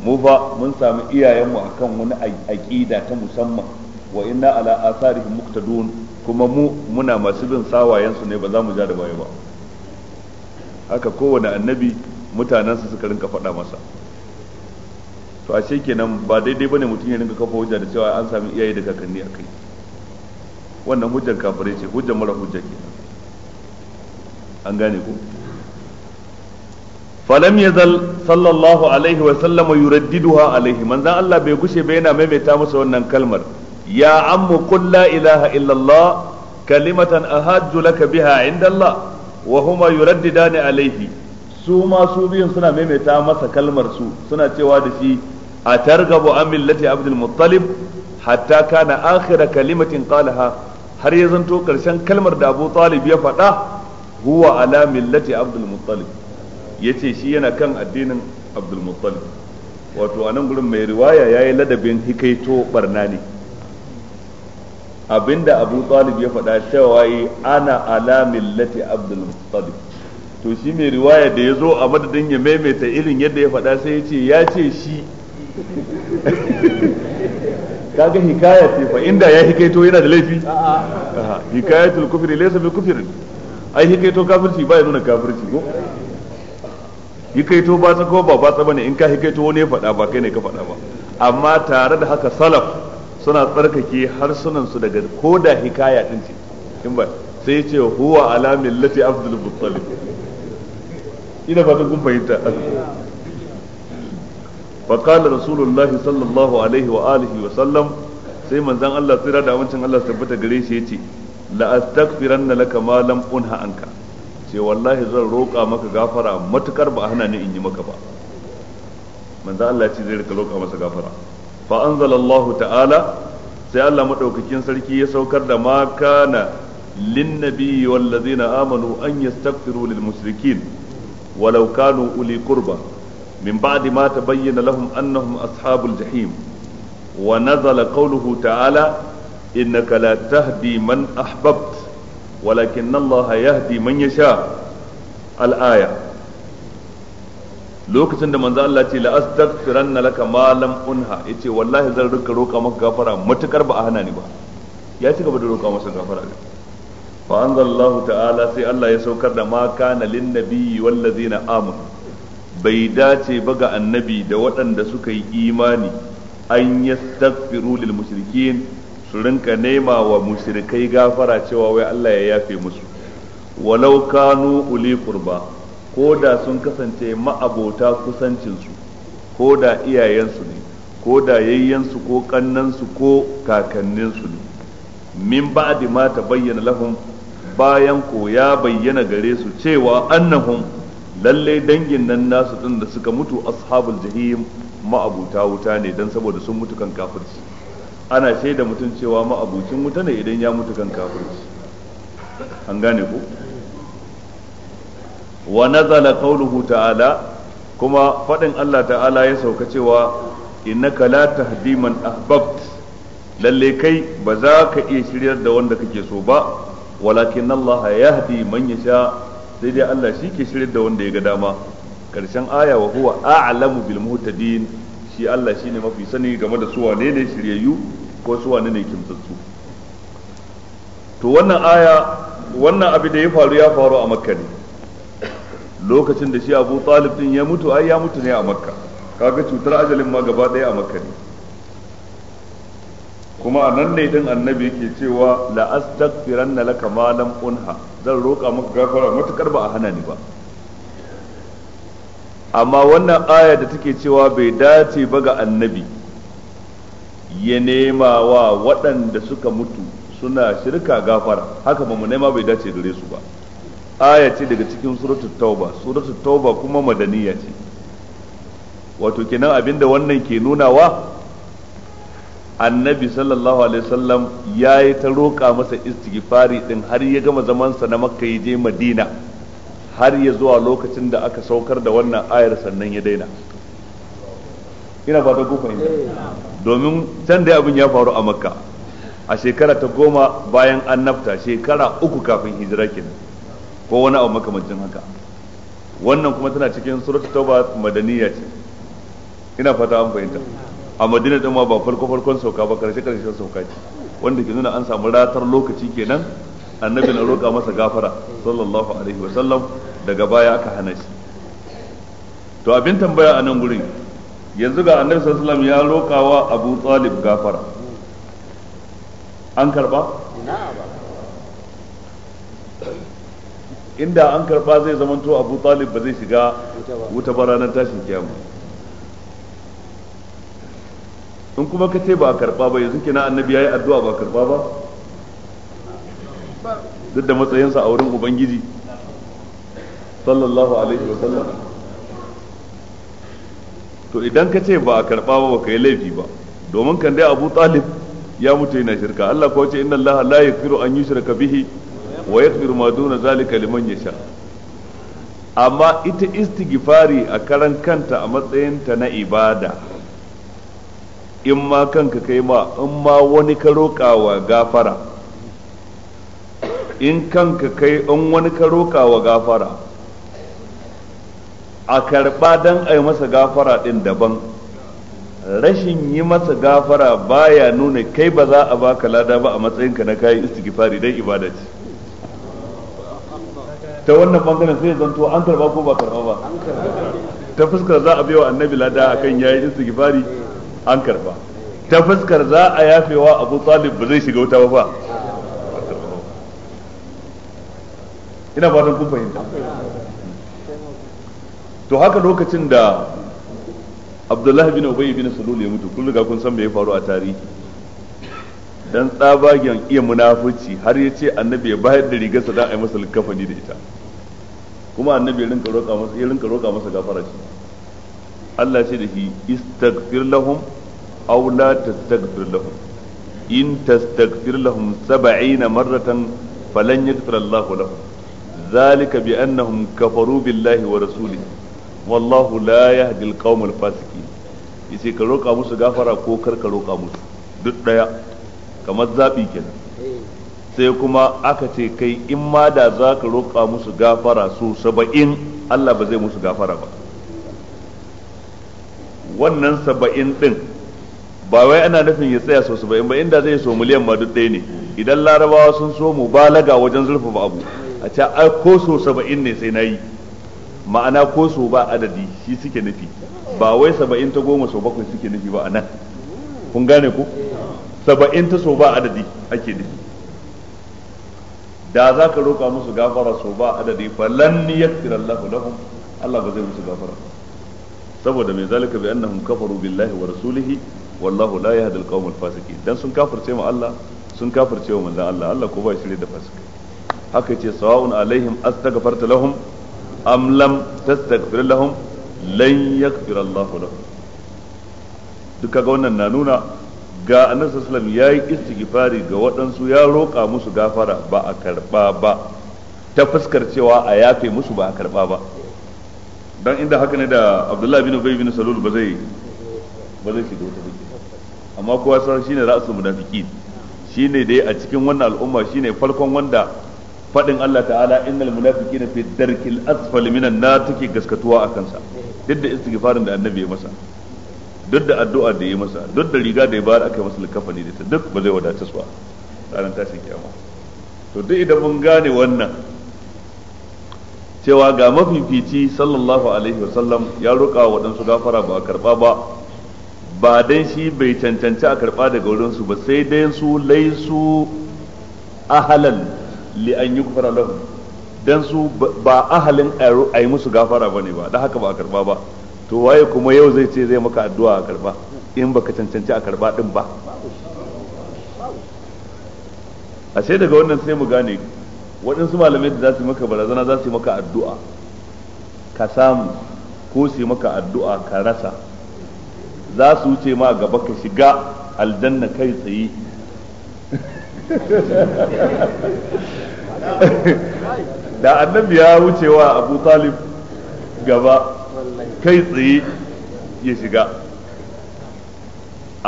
S3: mu fa mun samu iyayenmu akan wani aƙida ta musamman wa inna ala asarihim muqtadun kuma mu muna masu bin sawayensu ne ba za mu ja da baya ba haka kowane annabi mutanensa suka rinka faɗa masa to ashe kenan ba daidai bane mutum ya rinka kafa hujja da cewa an sami iyaye da kakanni a kai wannan hujjar kafirai ce hujjar mara hujja kenan an gane ko falam yazal sallallahu alaihi wa sallama yuraddiduha alaihi manzon Allah bai gushe ba yana maimaita masa wannan kalmar ya ammu qul la ilaha illallah kalimatan ahajju laka biha inda Allah wa huma yuraddidani alayhi su ma su biyun suna maimaita masa kalmar su suna cewa da shi a targabu a millati abdul muttalib hatta kana akhira kalimatin qalaha har ya zanto karshen kalmar da Abu Talib ya faɗa huwa ala millati abdul muttalib yace shi yana kan addinin abdul muttalib wato anan gurin mai riwaya yayi ladabin hikaito barna ne abinda abu talib ya faɗa cewa yi ana ala millati abdul muttalib to shi mai riwaya da ya zo a madadin ya maimaita irin yadda ya faɗa sai ya ce ya ce shi (laughs) kaga hikaya ce fa inda ya hikaito yana da laifi hikayatul kufri laysa bi kufrin ai hikaito kafirci ba ya nuna kafirci ko hikaito ba tsako ba ba tsaba ne in ka hikaito wani ya faɗa ba kai ne ka faɗa ba amma tare da haka salaf suna tsarkake harsunansu daga koda da hikaya din ce in ba sai ya ce huwa ala millati abdul muttalib ina fatan kun fahimta fa qala rasulullahi sallallahu alaihi wa alihi wa sallam sai manzon Allah tsira da amincin Allah tabbata gare shi yace la astaghfiranna laka ma lam unha anka ce wallahi zan roƙa maka gafara matukar ba hana ni in yi maka ba manzo Allah ce zai rika roƙa masa gafara fa anzalallahu ta'ala sai Allah madaukakin sarki ya saukar da ma kana lin nabiyyi wal amanu an yastaghfiru lil musrikin walaukanu uli kurba min ba'di ma ta bayyana lahum annahum ashabul jahim wa nazala qawluhu ta'ala innaka la tahdi man ahbabt walakinna Allah yahdi man yasha al lokacin da manzo Allah ce la astaghfiranna laka ma lam unha yace wallahi zan rika roka maka gafara matukar ba a hana ni ba ya ci gaba da roka masa gafara ne fa anzalallahu ta'ala sai Allah ya saukar da ma kana lin nabiyyi wal ladina amanu bai dace ba ga annabi da waɗanda suka yi imani an yastaghfiru lil mushrikeen su rinka nema wa mushrikai gafara cewa wai Allah ya yafe musu walau kanu uli qurba ko da sun kasance ma'abota kusancinsu ko da iyayensu ne ko da yayyensu ko kannansu ko kakanninsu ne min ba'di ma bayyana lahum bayan ko ya bayyana gare su cewa annahum lalle dangin nan nasu din da suka mutu ashabul jahim ma'abuta wuta ne dan saboda sun mutu kan kafirci ana shaida mutum cewa ma'abucin wuta ne idan ya mutu kan kafirci an gane ko wa nazala qawluhu ta'ala kuma fadin Allah ta'ala ya sauka cewa innaka la tahdi man ahbabt lalle kai ba za ka iya shiryar da wanda kake so ba walakin Allah yahdi man yasha sai dai Allah shi ke shiryar da wanda ya ga dama karshen aya wa huwa a'lamu bil muhtadin shi Allah shine mafi sani game da su wane ne shiryayyu ko su wane ne kimtsatsu to wannan aya wannan abu da ya faru ya faru a makka ne lokacin da shi abu talib din ya mutu ai ya mutu ne a makka kaga cutar ajalin ma gaba ɗaya a makka ne kuma a nan ne din annabi yake cewa la astaghfiranna laka ma lam unha zan roƙa maka gafara matukar ba a hana ni ba amma wannan aya da take cewa bai dace ba ga annabi ya nema wa waɗanda suka mutu suna shirka gafara haka ba mu nema bai dace gare su ba aya ce daga cikin suratul tauba suratul tauba kuma madaniya ce wato kenan abinda wannan ke nuna wa annabi sallallahu alaihi wasallam ya yi ta roƙa masa istighfari din har ya gama zamansa na makka ya je madina har ya zuwa lokacin da aka saukar da wannan ayar sannan ya daina ina ba fata ku fahimta domin can dai abin ya faru a makka a shekara ta goma bayan annabta shekara uku kafin hijira kenan ko wani abu makamancin haka wannan kuma tana cikin suratu tauba madaniya ce ina fata an fahimta a madina din ma ba farko farkon sauka ba karshe karshen sauka ce wanda ke nuna an samu ratar lokaci kenan annabi na roƙa masa gafara sallallahu alaihi wasallam daga baya aka hana shi to abin tambaya a nan gurin yanzu ga annabi sallallahu alaihi wasallam ya roƙawa abu talib gafara an karba na'am inda an karba zai zamanto abu talib ba zai shiga wuta ba ranar tashin kiyama in kuma ka ce ba a karba ba yanzu kina annabi yayi addu'a ba karba ba duk da matsayinsa a wurin ubangiji sallallahu alaihi wa sallam to idan ka ce ba a karba ba ka yi laifi ba domin kan dai abu talib ya mutu yana shirka Allah ko ce inna Allah la yakfiru an yushraka bihi wa yaghfiru ma duna zalika liman yasha amma ita istighfari a karan kanta a matsayin ta na ibada in ma kanka kai ma in ma wani ka roƙawa gafara in kanka kai in wani ka roƙawa gafara a karɓa don a yi masa gafara ɗin daban rashin yi masa gafara baya nuna kai ba za a baka lada ba a matsayinka na kayan istighfari dan ibada ce ta wannan bangaren sai zanto an karba ko ba karba ba ta fuskar za a biyo annabi lada akan yayi istighfari an karba ta fuskar za a yafewa Abu Talib ba zai shiga wuta ba ina fatan kun fahimta to haka lokacin da Abdullahi bin Ubay bin sulul ya mutu kun riga kun san me ya faru a tarihi dan tsabagen iya munafuci har ya ce annabi ya bayar da rigarsa dan a yi masa likafani da ita kuma annabi ya rinka roƙa masa ya rinka roƙa masa gafara shi Allah ce da shi istaghfir lahum aw la tastaghfir lahum in tastaghfir lahum 70 marratan falan yaghfir Allah lahum zalika bi annahum kafaru billahi wa rasulihi wallahu la yahdi al-qawm al-fasiqin yace ka roƙa musu gafara ko kar ka roƙa musu duk daya kamar zaɓi kenan sai kuma aka ce kai in ma da za ka roƙa musu gafara su saba'in Allah ba zai musu gafara ba wannan saba'in ɗin ba wai ana nufin ya tsaya so saba'in ba inda zai so miliyan ma duk ɗaya ne idan larabawa sun so mu balaga wajen ba abu a ce a ko so saba'in ne sai na yi ma'ana ko so ba adadi shi suke nufi ba wai saba'in ta goma so bakwai suke nufi ba a nan kun gane ku saba'in ta so ba adadi ake nufi da za ka roƙa musu gafara so ba adadi falan yaghfir Allahu lahum Allah ba zai musu gafara saboda mai zalika bi annahum kafaru billahi wa rasulihi wallahu la yahdi al-qawm al-fasiqin dan sun kafirce ma Allah sun kafirce wa manzon Allah Allah ko ba shirye da fasikai haka ce sawa'un alaihim astaghfarta lahum am lam tastaghfir lahum lan yaghfir Allahu lahum duk kaga wannan na nuna ga annabi sallallahu alaihi wasallam yayi istighfari ga waɗansu ya roƙa musu gafara ba a karba ba ta fuskar cewa a yafe musu ba a karba ba dan inda haka ne da Abdullahi bin Ubay bin Salul ba zai ba zai shiga wata biki amma kowa san shine ra'sul mudafiqin shine dai a cikin wannan al'umma shine farkon wanda fadin Allah ta'ala innal munafiqina fi darkil asfali minan nar take gaskatuwa akan sa duk da istighfarin da annabi ya masa duk da addu'a da yi masa duk da riga da ya bayar aka yi masa likafani da ta duk ba zai wadace su ba ranar tashin kiyama to duk idan mun gane wannan cewa ga mafifici sallallahu alaihi wasallam ya roƙa waɗansu gafara ba a karɓa ba ba dan shi bai cancanci a karɓa daga wurinsu ba sai dai su laisu ahalan li an yi kufara lahum dan su ba ahalin a yi musu gafara ba ne ba da haka ba a karɓa ba to waye kuma yau zai ce zai maka addu'a a karba in baka cancanci a karba din ba ashe daga wannan sai mu gane waɗansu malamai da za su maka barazana za su maka addu'a ka samu ko su maka addu'a ka rasa za su wuce ma gaba ka shiga aljanna kai tsaye (laughs) da annabi ya wucewa abu talib gaba kai tsaye ya shiga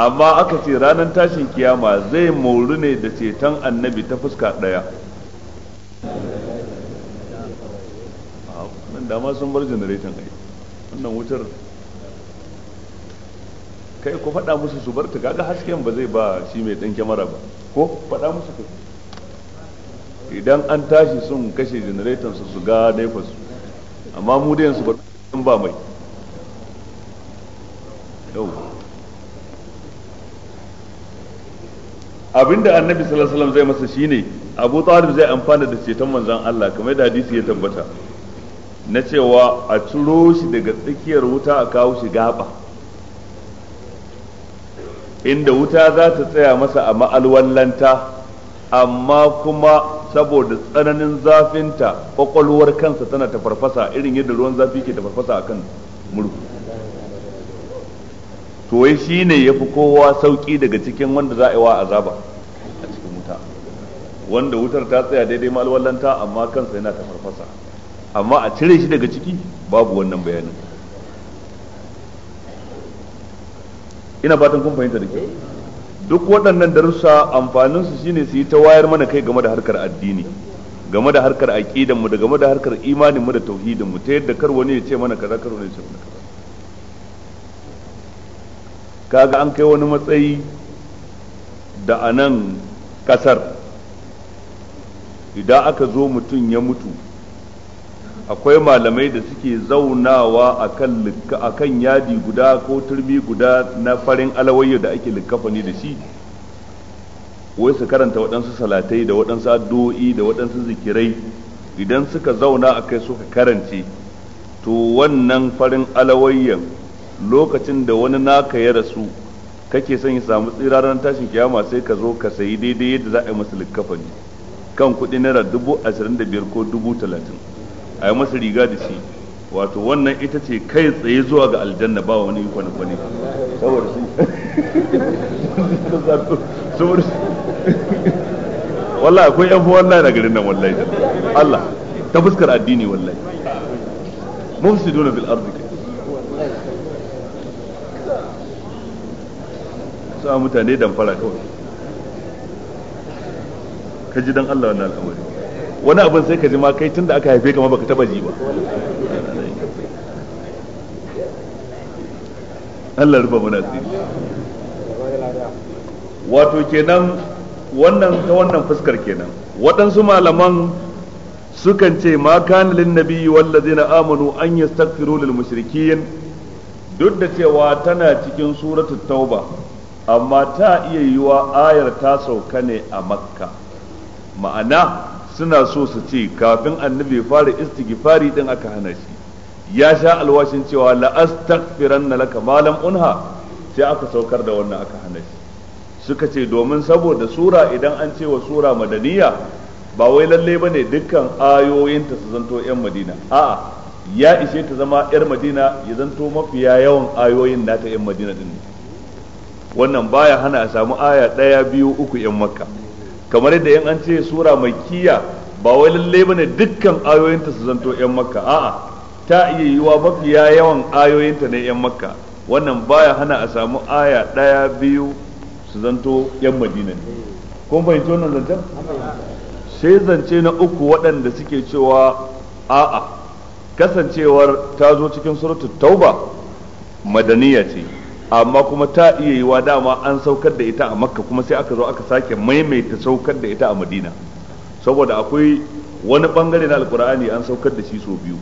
S3: amma aka ce ranar tashin kiyama zai mauri ne da ceton annabi ta fuska ɗaya nan dama sun bar janareton ai wannan wutar kai ku faɗa musu su bar ta kaga hasken ba zai ba shi mai ɗan kyamara ba ko faɗa musu ka idan an tashi sun kashe janareton su su ga naifasu amma mu da yansu ba mai abinda annabi sallallahu alaihi wasallam zai masa shine abu talib zai amfana da ceton manzon Allah kamar da hadisi ya tabbata na cewa a ciro shi daga tsakiyar wuta a kawo shi gaba inda wuta za ta tsaya masa a ma'alwallanta amma kuma saboda tsananin zafinta kwakwalwar kansa tana ta irin yadda ruwan zafi ke ta akan murhu to wai ya fi kowa sauki daga cikin wanda za a yi wa azaba a cikin wuta wanda wutar ta tsaya daidai malwallanta amma kansa yana ta farfasa amma a cire shi daga ciki babu wannan bayanin ina fatan kun fahimta da kyau duk waɗannan darussa amfaninsu shine su yi ta wayar mana kai game da harkar addini game da harkar aqidan mu da game da harkar imanin mu da tauhidin mu ta yadda kar wani ya ce mana kaza kar wani ya ce mana kaza kaga an kai wani matsayi da a nan kasar idan aka zo mutum ya mutu akwai malamai da suke zaunawa a kan yadi guda ko turbi guda na farin alawayyo da ake likkafani da shi wai su karanta waɗansu salatai da waɗansu addu'o'i da waɗansu zikirai idan suka zauna a kai suka karance to wannan farin alawayyan lokacin da wani naka ya rasu kake son ya samu tsira ranar tashin kiyama sai ka zo ka sayi daidai yadda za a yi masa likkafani kan kuɗi naira dubu ashirin da biyar ko dubu talatin a yi masa riga da shi wato wannan ita ce kai tsaye zuwa ga aljanna ba wani ikon kwani (laughs) saboda shi wallahi akwai yan wallahi na garin nan wallahi Allah ta fuskar addini wallahi mufsiduna fil ardi sa mutane damfara kawai ka ji dan Allah wannan al'amari wani abin sai ka ji ma kai tunda aka haife ka ma baka taba ji ba Allah ruba mana asiri wato kenan wannan ta wannan fuskar kenan waɗansu malaman sukan ce ma kana lin nabiyyi wallazina amanu an yastaghfiru lil mushrikin duk da cewa tana cikin suratul tauba amma ta iya yiwa ayar ta sauka ne a makka ma'ana suna so su ce kafin annabi fara istighfari din aka hana shi ya sha alwashin cewa la astaghfiran laka malam unha sai aka saukar da wannan aka hana shi suka ce domin saboda sura idan an ce wa sura madaniya ba wai lalle bane dukkan ayoyin ta su zanto yan madina a'a ya ishe ta zama yar madina ya zanto mafiya yawan ayoyin nata yan madina din wannan baya hana a samu aya ɗaya biyu uku yan makka kamar yadda yan an ce sura mai kiya ba wai lalle bane dukkan ayoyinta su zanto yan makka a'a ta iya yiwa mafiya yawan ayoyinta ne yan makka wannan baya hana a samu aya ɗaya biyu su zanto yan madina ne kun fahimci wannan zancen sai zance na uku waɗanda suke cewa a'a kasancewar ta zo cikin suratul tauba madaniya ce amma kuma ta iya yiwa dama an saukar da ita a makka kuma sai aka zo aka sake maimaita saukar da ita a madina saboda akwai wani bangare na alkur'ani an saukar da shi sau biyu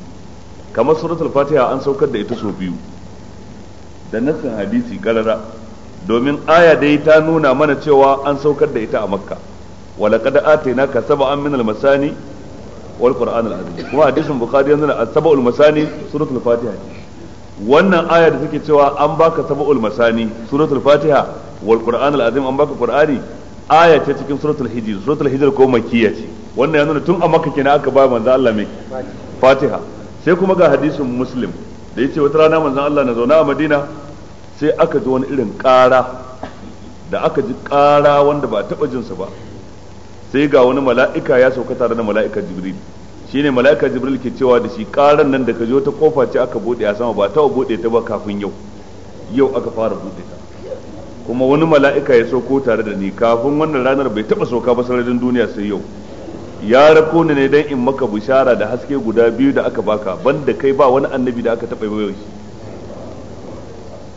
S3: kamar suratul fatiha an saukar da ita sau biyu da nassin hadisi galara domin aya dai ta nuna mana cewa an saukar da ita a makka wala atayna ka sab'an min almasani masani wal qur'an al kuma hadisin bukhari yanzu na as-sab'ul masani suratul fatiha wannan aya da suke cewa an baka sab'ul masani suratul fatiha wal qur'an al azim an baka qur'ani aya ce cikin suratul hijr suratul hijr ko makkiya ce wannan ya nuna tun a makka kenan aka ba manzo Allah mai fatiha sai kuma ga hadisin muslim da yace wata rana manzo Allah na zauna a madina sai aka ji wani irin ƙara da aka ji ƙara wanda ba a taɓa jinsa ba sai ga wani mala'ika ya sauka tare da mala'ikar jibril shine mala'ika jibril ke cewa da shi karan nan da ka zo ta kofa ce aka bude a sama ba ta bude ta ba kafin yau yau aka fara bude ta kuma wani mala'ika ya sauko tare da ni kafin wannan ranar bai taba sauka ba sararin duniya sai yau ya rako ni ne dan in maka bishara da haske guda biyu da aka baka banda kai ba wani annabi da aka taba yi yau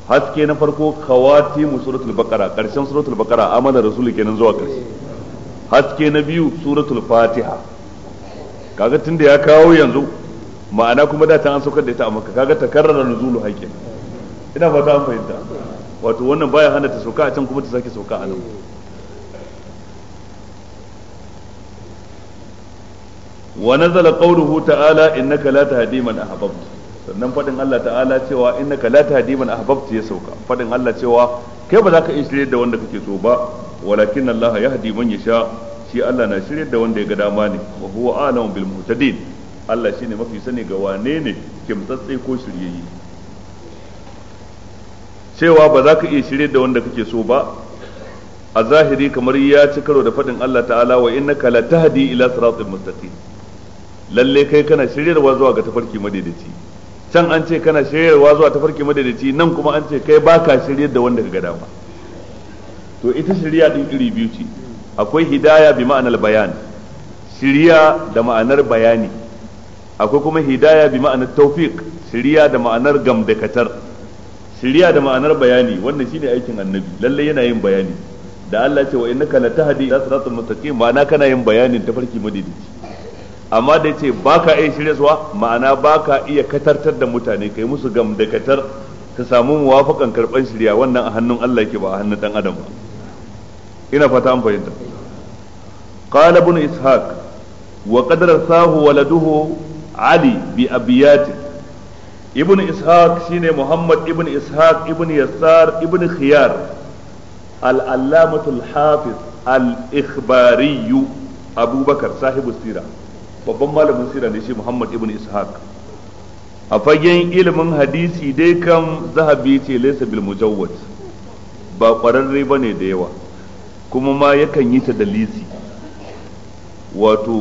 S3: haske na farko kawati suratul baqara karshen suratul baqara amana rasul kenan zuwa karshe haske na biyu suratul fatiha kaga tunda ya kawo yanzu ma'ana kuma da ta an saukar da ita a makka kaga ta karrara nuzulu haƙƙin ina fata an fahimta wato wannan baya hana ta sauka a can kuma ta sake sauka a nan wa nazala qawluhu ta'ala innaka la tahdi man ahbabta sannan fadin Allah ta'ala cewa innaka la tahdi man ahbabta ya sauka fadin Allah cewa kai ba za ka iya shirye da wanda kake so ba walakin Allah yahdi man yasha shi Allah na shirye da wanda ya ga dama ne wa huwa alamu bil muhtadin Allah shine mafi sani ga wane ne kimtsatse ko shiryayye cewa ba za ka iya shirye da wanda kake so ba a zahiri kamar ya ci karo da faɗin Allah ta'ala wa innaka la tahdi ila siratin mustaqim lalle kai kana shiryarwa zuwa ga tafarki madaidaici can an ce kana shiryarwa zuwa tafarki madaidaici nan kuma an ce kai baka shiryar da wanda ka ga dama to ita shirya din iri biyu ce akwai hidaya bi ma'anar bayan shiriya da ma'anar bayani akwai kuma hidaya bi ma'anar tawfiq shiriya da ma'anar gamdakatar shiriya da ma'anar bayani wannan shine aikin annabi lallai yana yin bayani da Allah ce wa innaka latahdi ila siratal mustaqim ma'ana kana yin bayanin farki, madidici amma da yace baka iya shiryarwa ma'ana baka iya katartar da mutane kai musu gamdakatar ta samu muwafakan karban shirya wannan a hannun Allah ke ba a hannun dan adam ba ina fata an fahimta qala ibn ishaq wa qad waladuhu ali bi ibn ishaq shine muhammad ibn ishaq ibn yassar ibn khiyar al-allamah hafiz al-ikhbari abubakar sahibu babban malamin sira ne shi muhammad ibn ishaq a ilimin hadisi dai kam zahabi ce laysa bil mujawwad ba kwararre bane da yawa kuma ma yakan yi ta dalisi wato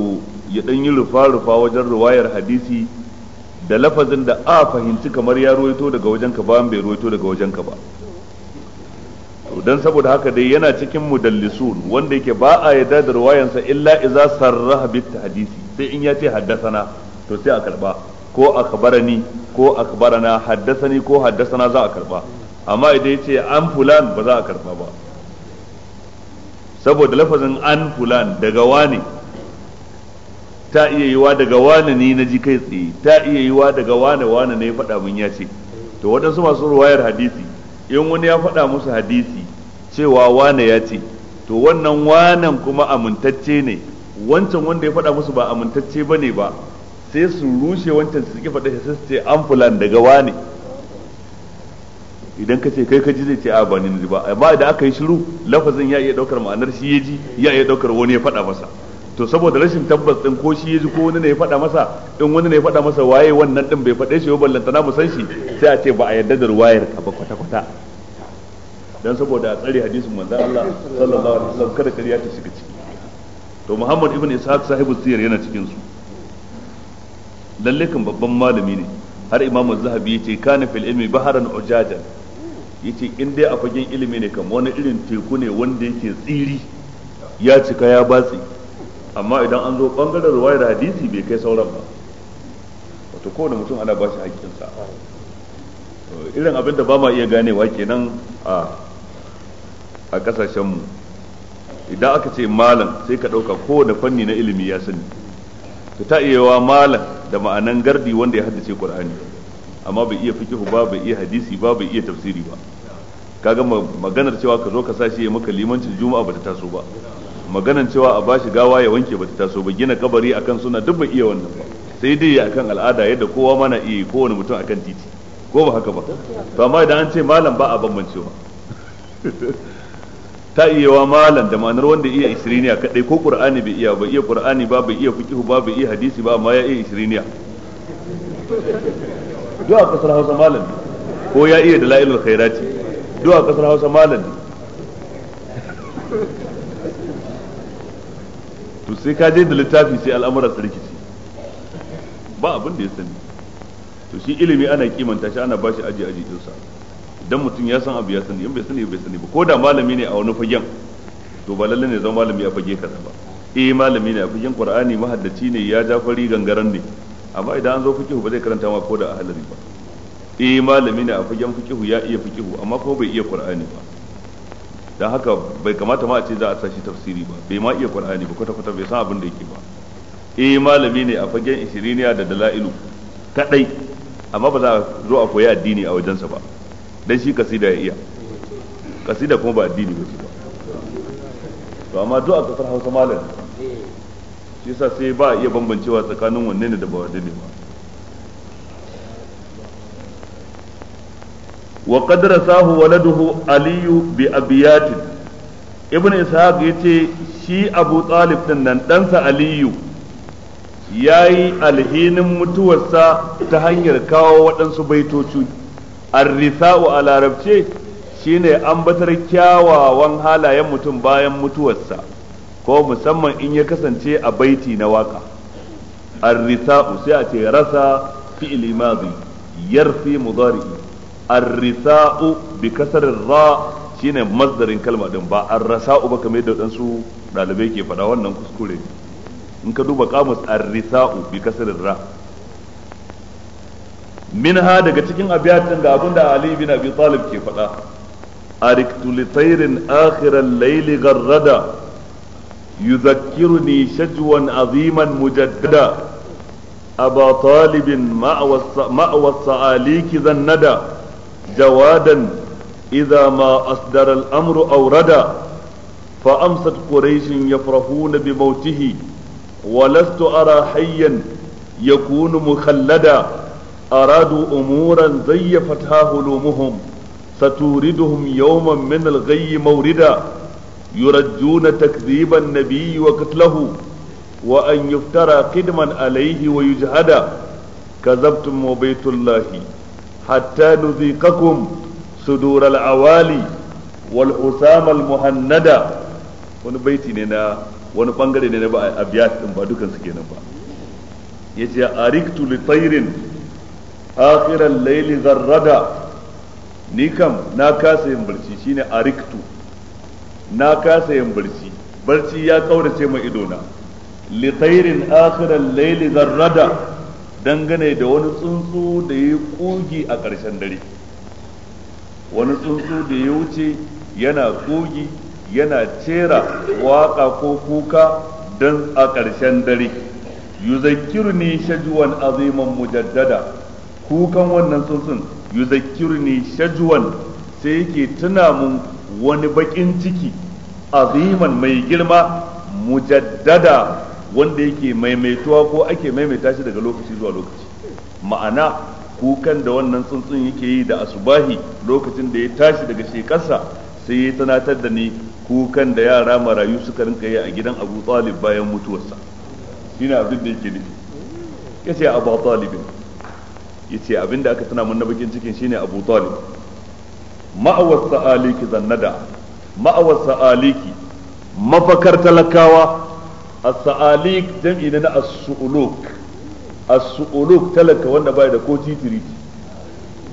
S3: ya dan yi rufa-rufa wajen ruwayar hadisi da lafazin da a fahimci kamar ya ruwaito daga wajenka ba bai ruwaito daga wajenka ba don saboda haka dai yana cikin mudallisun wanda yake ba a yarda da ruwayansa illa iza sarraha hadisi sai in ya ce haddasana to sai a karba ko kabarani ko akhbarana haddasani ko haddasana za a karba amma idan ya ce an fulan ba za a karba ba saboda lafazin an fulan daga wane ta iya yiwa daga wane ne na ji kai tsaye ta iya yiwa daga wane wane ne ya faɗa min ya ce to waɗansu masu ruwayar hadisi in wani ya faɗa musu hadisi cewa wane ya ce to wannan wanan kuma amintacce ne wancan wanda ya faɗa musu ba amintacce ba ne ba sai su rushe wancan su suke faɗa sai su ce an fulan daga wane idan ka ce kai ka ji zai ce a ba ni ji ba amma idan aka yi shiru lafazin ya iya daukar ma'anar shi ya ji ya iya daukar wani ya faɗa masa to saboda rashin tabbas din ko shi ya ji ko wani ne ya faɗa masa in wani ne ya faɗa masa waye wannan din bai faɗe shi ba ballanta na mu san shi sai a ce ba a yarda da ruwayar ka ba kwata kwata dan saboda a tsare hadisin manzo Allah sallallahu alaihi wasallam kada kariya ta shiga ciki to Muhammad ibn Ishaq sahibu sirr yana cikin su lalle kan babban malami ne har Imam zahabi yace kana fil ilmi baharan ujajan yace in dai a fagen ilimi ne kamar wani irin teku ne wanda yake tsiri ya cika ya batsi amma idan an zo bangaren da hadisi bai kai sauran ba wato kowane mutum ana ba shi irin abin da ba ma iya ganewa kenan a a ƙasashenmu idan aka ce malam sai ka ɗauka kowane fanni na ilimi ya sani ta iya yawa malam da ma'anan gardi wanda ya haddace ƙur'ani amma bai iya fikihu ba bai iya hadisi ba bai iya tafsiri ba kaga maganar cewa ka zo ka sashi ya maka limancin juma'a bata taso ba maganar cewa a bashi gawa ya wanke bata taso ba gina kabari akan suna duk bai iya wannan ba sai dai akan al'ada yadda kowa mana iya kowane mutum akan titi ko ba haka ba to amma idan an ce malam ba a bambancewa
S2: (laughs)
S3: ta iya wa malam da ma'anar wanda iya isriniya kadai ko qur'ani bai iya ba iya qur'ani ba bai iya fiqhu ba bai iya hadisi ba amma ya iya isriniya duk kasar Hausa malam ko ya iya da la'ilul khairati duk a kasar Hausa malam to sai ka je da littafi sai al'amura ce ba abin da ya sani to shi ilimi ana kimanta shi ana bashi aji aji dinsa idan mutum ya san abu ya sani in bai sani bai sani ba ko da malami ne a wani fagen to ba lalle ne zama malami a fage kaza ba eh malami ne a fagen qur'ani mahaddaci ne ya fari gangaren ne amma idan an zo fikihu ba zai karanta ma ko da a ba eh malami ne a fagen fikihu ya iya fikihu amma kuma bai iya qur'ani ba dan haka bai kamata ma a ce za a sashi tafsiri ba bai ma iya qur'ani ba kwata kwata bai san abin da yake ba eh malami ne a fagen ishiriniya da dala'ilu kadai amma ba za a zo a koyi addini a wajensa ba dan shi kasida ya iya kasida kuma ba addini ba ba to amma duk a kasar Hausa malami shi yasa sai ba a iya bambancewa tsakanin wanne ne da ba wanne ne ba wa qad sahu waladuhu aliyu bi abiyatin ibnu ishaq yace shi abu talib din nan ɗansa aliyu yayi alhinin mutuwarsa ta hanyar kawo waɗansu baitoci arrisa'u a larabce shine ambatar kyawawan halayen mutum bayan mutuwarsa ko musamman in ya kasance a baiti na waka arrisa'u sai a ce rasa fi'li madi yarfi mudari arrisa'u bi kasarin ra shine masdarin kalma din ba arrasa'u ba kamar yadda wadansu dalibai ke faɗa wannan kuskure in ka duba kamus arrisa'u bi kasarin ra minha daga cikin abiyat din ga abinda Ali bin Abi Talib ke faɗa ariktu li tayrin akhiral layli garrada يذكرني شجوا عظيما مجددا أبا طالب مأوى السعاليك ذا الندى جوادا إذا ما أصدر الأمر أوردا فأمست قريش يفرحون بموته ولست أرى حيا يكون مخلدا أرادوا أمورا زيفتها هلومهم ستوردهم يوما من الغي موردا يرجون تكذيب النبي وقتله وأن يفترى قدما عليه ويجهد كذبتم وبيت الله حتى نذيقكم صدور العوالي والحسام المهندة wani baiti ne na wani bangare ne na ba a biya ba dukan su kenan ba yace ariktu li tayrin akhiral layli zarrada ni kam na kasa yin barci shine ariktu na kasa yin barci barci ya kaurace mai idona li tayrin akhiral layli zarrada dangane da wani tsuntsu da ya kogi a ƙarshen dare wani tsuntsu da ya wuce yana kugi yana cera waka ko kuka dan a ƙarshen dare yuzakkirni shajwan aziman mujaddada kukan wannan tsuntsun yuzakkirni shajwan sai yake tuna mun wani bakin ciki aziman mai girma mujaddada wanda yake maimaituwa ko ake maimaita shi daga lokaci zuwa lokaci ma'ana kukan da wannan tsuntsun yake yi da asubahi lokacin da ya tashi daga shekarsa sai ya tanatar da ni kukan da yara marayu suka rinka yi a gidan abu talib bayan mutuwarsa shine abin da yake nufi ya ce abu talibin ya ce abin da aka tana mun na bakin cikin shine abu talib ma'awar sa'aliki zannada ma'awar sa'aliki mafakar talakawa a saalik jam'i na as-su'uluk as-su'uluk talaka wanda bai da ko titiri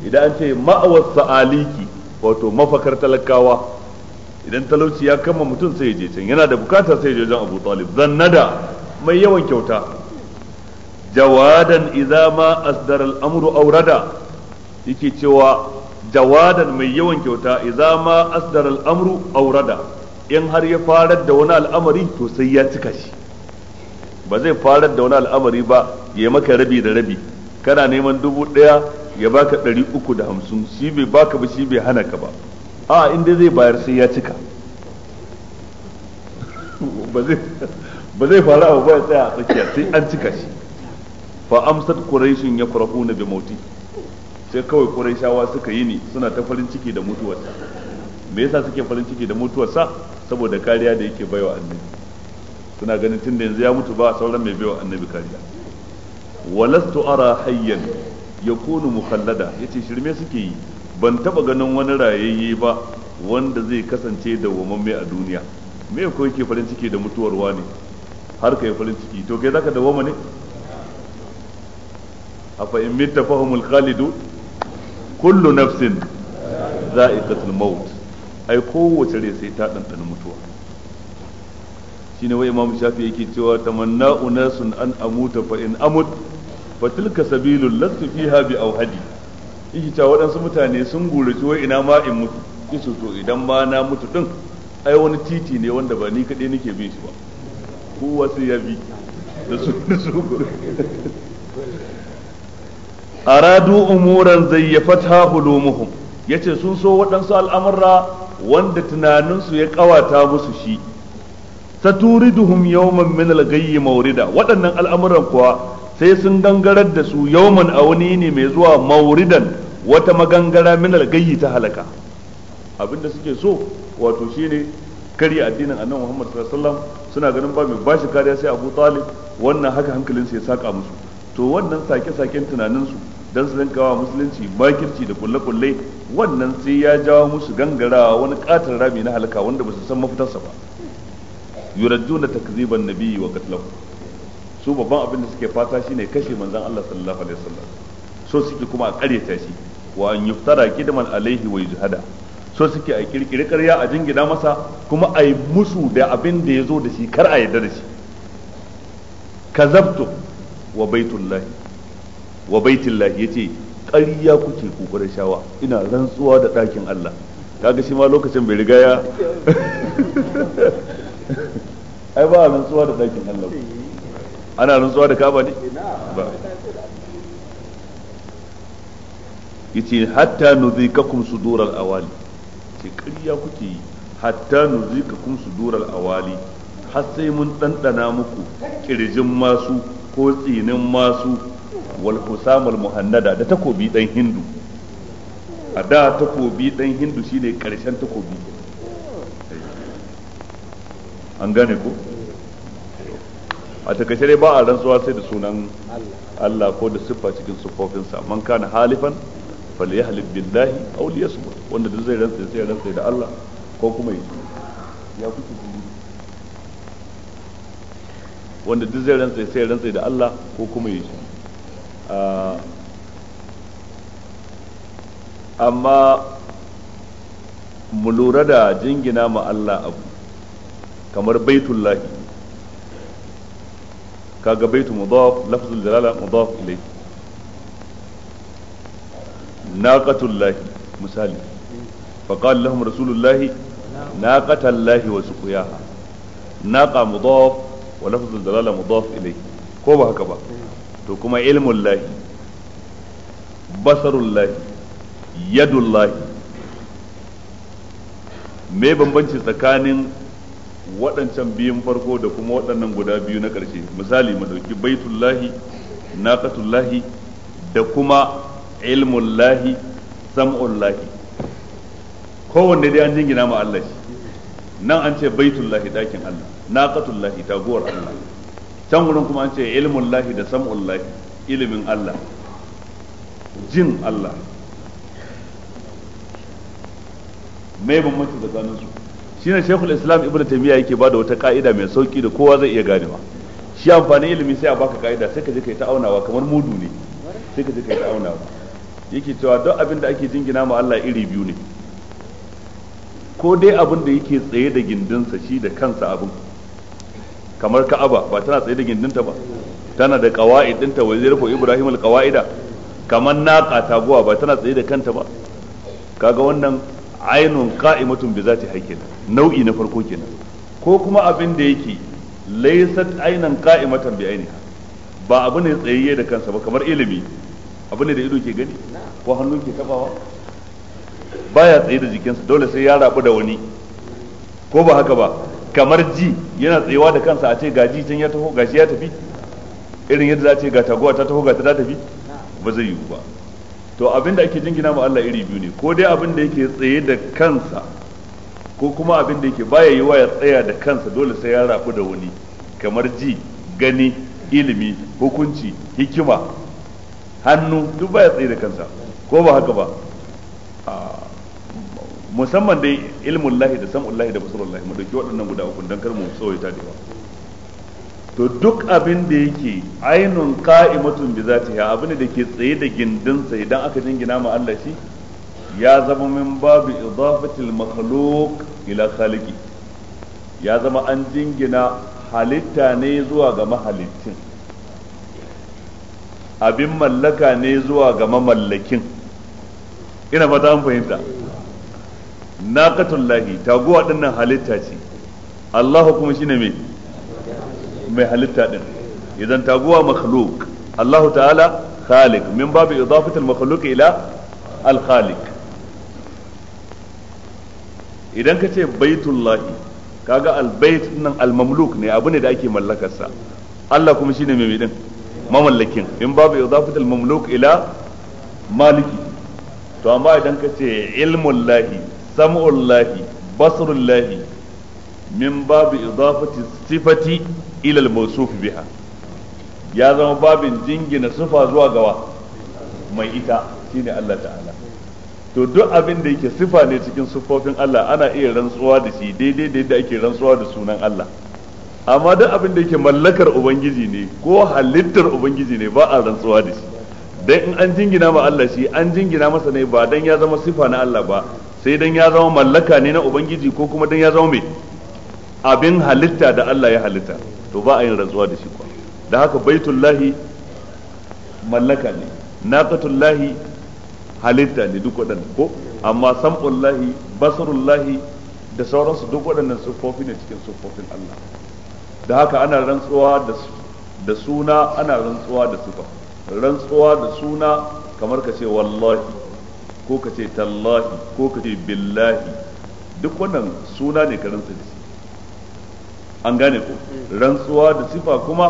S3: idan an ce ma'awar sa'aliki wato mafakar talakawa idan talauci ya kama mutum sai je can yana da bukata sai je wajen Abu Talib zannada mai yawan kyauta jawadan idza ma asdara al-amru aurada yake cewa jawadan mai yawan kyauta idza ma asdar al-amru aurada in har ya farar da wani al'amari to sai ya cika shi ba zai farar da wani al'amari ba ya maka rabi da rabi kana neman dubu ɗaya ya baka ɗari uku da hamsin shi bai baka ba shi bai hana ka ba a dai zai bayar sai ya cika (laughs) ba zai fara abu ba ya tsaya a tsakiya sai an cika shi fa amsat quraishin yafrahuna bi mauti sai kawai qurayshawa suka yi ni suna ta farin ciki da mutuwarsa me yasa suke farin ciki da mutuwarsa saboda kariya da yake baiwa annabi suna ganin tunda yanzu ya mutu ba sauran mai baiwa annabi kariya walastu ara hayyan yakunu mukhallada yace shirme suke yi ban taba ganin wani rayayye ba wanda zai kasance da mai a duniya me ko yake farin ciki da mutuwar wani har kai farin ciki to kai zaka dawoma ne afa in mitta fahumul khalidu kullu nafsin za'iqatul maut ai kowace rai sai ta ɗanɗana mutuwa shine wai imam shafi yake cewa tamanna unasun an amuta fa in amut fa tilka sabilul lati fiha bi awhadi yake cewa waɗansu mutane sun gurace wai ina ma in mutu kisu to idan ma na mutu din ai wani titi ne wanda ba ni kaɗai nake bin shi ba kowa sai ya bi da su su aradu umuran zayyafatha hulumuhum yace sun so waɗansu al'amura wanda tunaninsu ya kawata musu shi ta saturiduhum yawman min al maurida waɗannan al'amuran kuwa sai sun gangarar da su yawman a wani ne mai zuwa mauridan wata magangara min al ta halaka abinda suke so wato shine karya addinin annabi Muhammad sallallahu alaihi suna ganin ba mai bashi kariya sai Abu Talib wannan haka hankalinsa ya saka musu to wannan sake-saken tunaninsu don su rinkawa musulunci bakirci da kulle-kulle wannan sai ya jawo musu gangarawa wani katon rami na halaka wanda ba su san mafitarsa ba na takziban biyu wa qatlahu su babban abin da suke fata shine kashe manzon Allah sallallahu alaihi wasallam so suke kuma a karyata shi wa an yuftara kidman alaihi wa yujhada so suke a kirkiri karya a jingina masa kuma a yi musu da abin da ya zo da shi kar a yarda da shi kazabtu wa baitullahi wa baitullahi yace ƙarya kuke kokarin shawa ina rantsuwa da ɗakin Allah kaga shi ma lokacin bai riga ya (laughs) ai ba rantsuwa da ɗakin Allah ana rantsuwa da Ka'aba ne ba yace hatta nuzikakum sudural awali ce ƙarya kuke yi hatta nuzikakum sudural awali har sai mun ɗanɗana muku ƙirjin masu ko tsinin masu wal husamul muhannada da takobi dan hindu a da takobi dan hindu shine karshen takobi an gane ko a takaice dai ba a rantsuwa sai da sunan Allah ko da siffa cikin siffofinsa man kana halifan falyahlib billahi aw liyasmut wanda duk zai rantsa sai rantsa da Allah ko kuma ya kuke wanda duk zai rantsa sai rantsa da Allah ko kuma yi ah, amma mu lura da jingina ma Allah abu kamar baitullahi kaga baitu mudaf lafzul jalala mudaf ilayhi naqatullahi misali فقال لهم رسول الله ناقة wa suqiyaha naqa mudaf wa al-jalala dalala mudaf ilayhi ko ba haka ba to kuma ilmul lahi basarul lahi lahi me bambanci tsakanin waɗancan biyun farko da kuma waɗannan guda biyu na ƙarshe misali mu ɗauki baitullahi lahi lahi da kuma ilmullahi lahi lahi kowanne dai an jingina ma Allah shi nan an ce lahi dakin Allah lahi taguwar Allah can wurin kuma an ce ilmun lahi da sam'un lahi ilimin Allah jin Allah mai bambanci tsakanin su shine shekul islam ibnu taymiya yake bada wata ka'ida mai sauki da kowa zai iya ganewa shi amfani ilimi sai a baka ka'ida sai ka je kai ta aunawa kamar mudu ne sai ka je kai ta aunawa yake cewa duk abin da ake jingina ma Allah iri biyu ne ko dai abin da yake tsaye da gindinsa shi da kansa abin kamar ka'aba ba tana tsaye da gindinta ba tana da kawai dinta wa zirfu ibrahim al da? kamar naqa taguwa ba tana tsaye da kanta ba kaga wannan ainun qa'imatun bi zati haykin nau'i na farko kenan ko kuma abin da yake laysat ainan mutum bi ainiha ba abu ne tsayayye da kansa ba kamar ilimi abu ne da ido ke gani ko hannu ke tabawa baya tsaye da jikinsa dole sai ya rabu da wani ko ba haka ba kamar ji yana tsayewa da kansa a ce ga ji can ya taho shi ya tafi irin yadda za a ce ga taguwa ta taho ga ta tafi ba zai yiwu ba to abin da ake jingina ma Allah iri biyu ne ko dai abin da yake tsaye da kansa ko kuma abin da yake baya yiwa ya tsaya da kansa dole sai ya rabu da wani kamar ji gani ilimi hukunci hikima hannu duk baya tsaye da kansa ko ba haka ba musamman dai ilmun lahi da sam'un lahi da basarun lahi mu dauki waɗannan guda uku don kar mu tsawaita da yawa to duk abin da yake ainun qa'imatun bi zatiha abin da ke tsaye da gindinsa idan aka jingina ma Allah shi ya zama min babu idafatil makhluq ila khaliqi ya zama an jingina halitta ne zuwa ga mahalicin abin mallaka ne zuwa ga mamallakin ina fata an fahimta lahi taguwa din nan halitta ce Allah kuma shine mai mai halitta din idan taguwa makhluq Allah ta'ala khaliq min babu idafat al-makhluq ila al-khaliq idan ka ce baitullahi kaga al-bait nan al-mamluk ne abu ne da ake mallakarsa Allah kuma shine mai din mamallakin in babu idafat al-mamluk ila maliki to amma idan ka ce ilmullahi sam'ullahi basrullahi min babu izafati sifati ilal al-mawsuf biha ya zama babin jingina sifa zuwa gawa mai ita shine Allah ta'ala to duk abin da yake sifa ne cikin siffofin Allah ana iya rantsuwa da shi daidai da yadda ake rantsuwa da sunan Allah amma duk abin da yake mallakar ubangiji ne ko halittar ubangiji ne ba a rantsuwa da shi dan in an jingina ma Allah shi an jingina masa ne ba dan ya zama sifa na Allah ba sai dan ya zama mallaka ne na ubangiji ko kuma dan ya zama mai abin halitta da Allah ya halitta to ba a yin rantsuwa da shi kuwa da haka baitullahi mallaka ne naqatullahi halitta ne duk waɗannan ko amma sam'ullahi basarullahi da sauransu duk waɗannan siffofi ne cikin siffofin Allah da haka ana rantsuwa da da suna ana rantsuwa da sufa rantsuwa da suna kamar ka ce wallahi ko ka ce tallahi ko ka ce billahi duk wannan suna ne ka rantsa da shi an gane ko rantsuwa da sifa kuma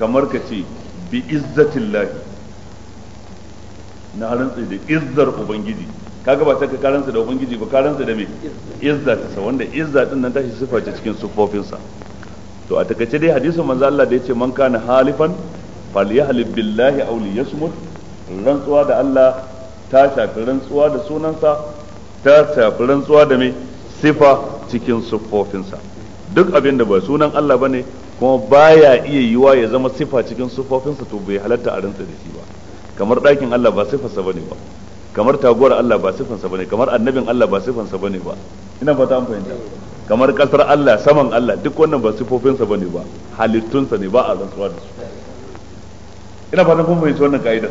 S3: kamar ka ce bi lahi na rantsa da izzar ubangiji kaga ba ta ka rantsa da ubangiji ba ka rantsa da me izza ta wanda izza din nan tashi sifa ce cikin sufofinsa to a takaice dai hadisin manzo Allah da yace man kana halifan falyahlib billahi aw liyasmut rantsuwa da Allah ta shafi rantsuwa da sunansa ta shafi rantsuwa da mai sifa cikin siffofinsa duk abin da ba sunan Allah bane kuma baya iya yiwa ya zama sifa cikin siffofinsa to bai halatta a rantsa da shi ba kamar ɗakin Allah ba sifarsa bane ba kamar taguwar Allah ba sifansa bane kamar annabin Allah ba sifansa bane ba ina ba ta fahimta kamar kasar Allah saman Allah duk wannan ba sifofinsa bane ba halittunsa ne ba a rantsuwa da su ina ba kun fahimci wannan ka'idar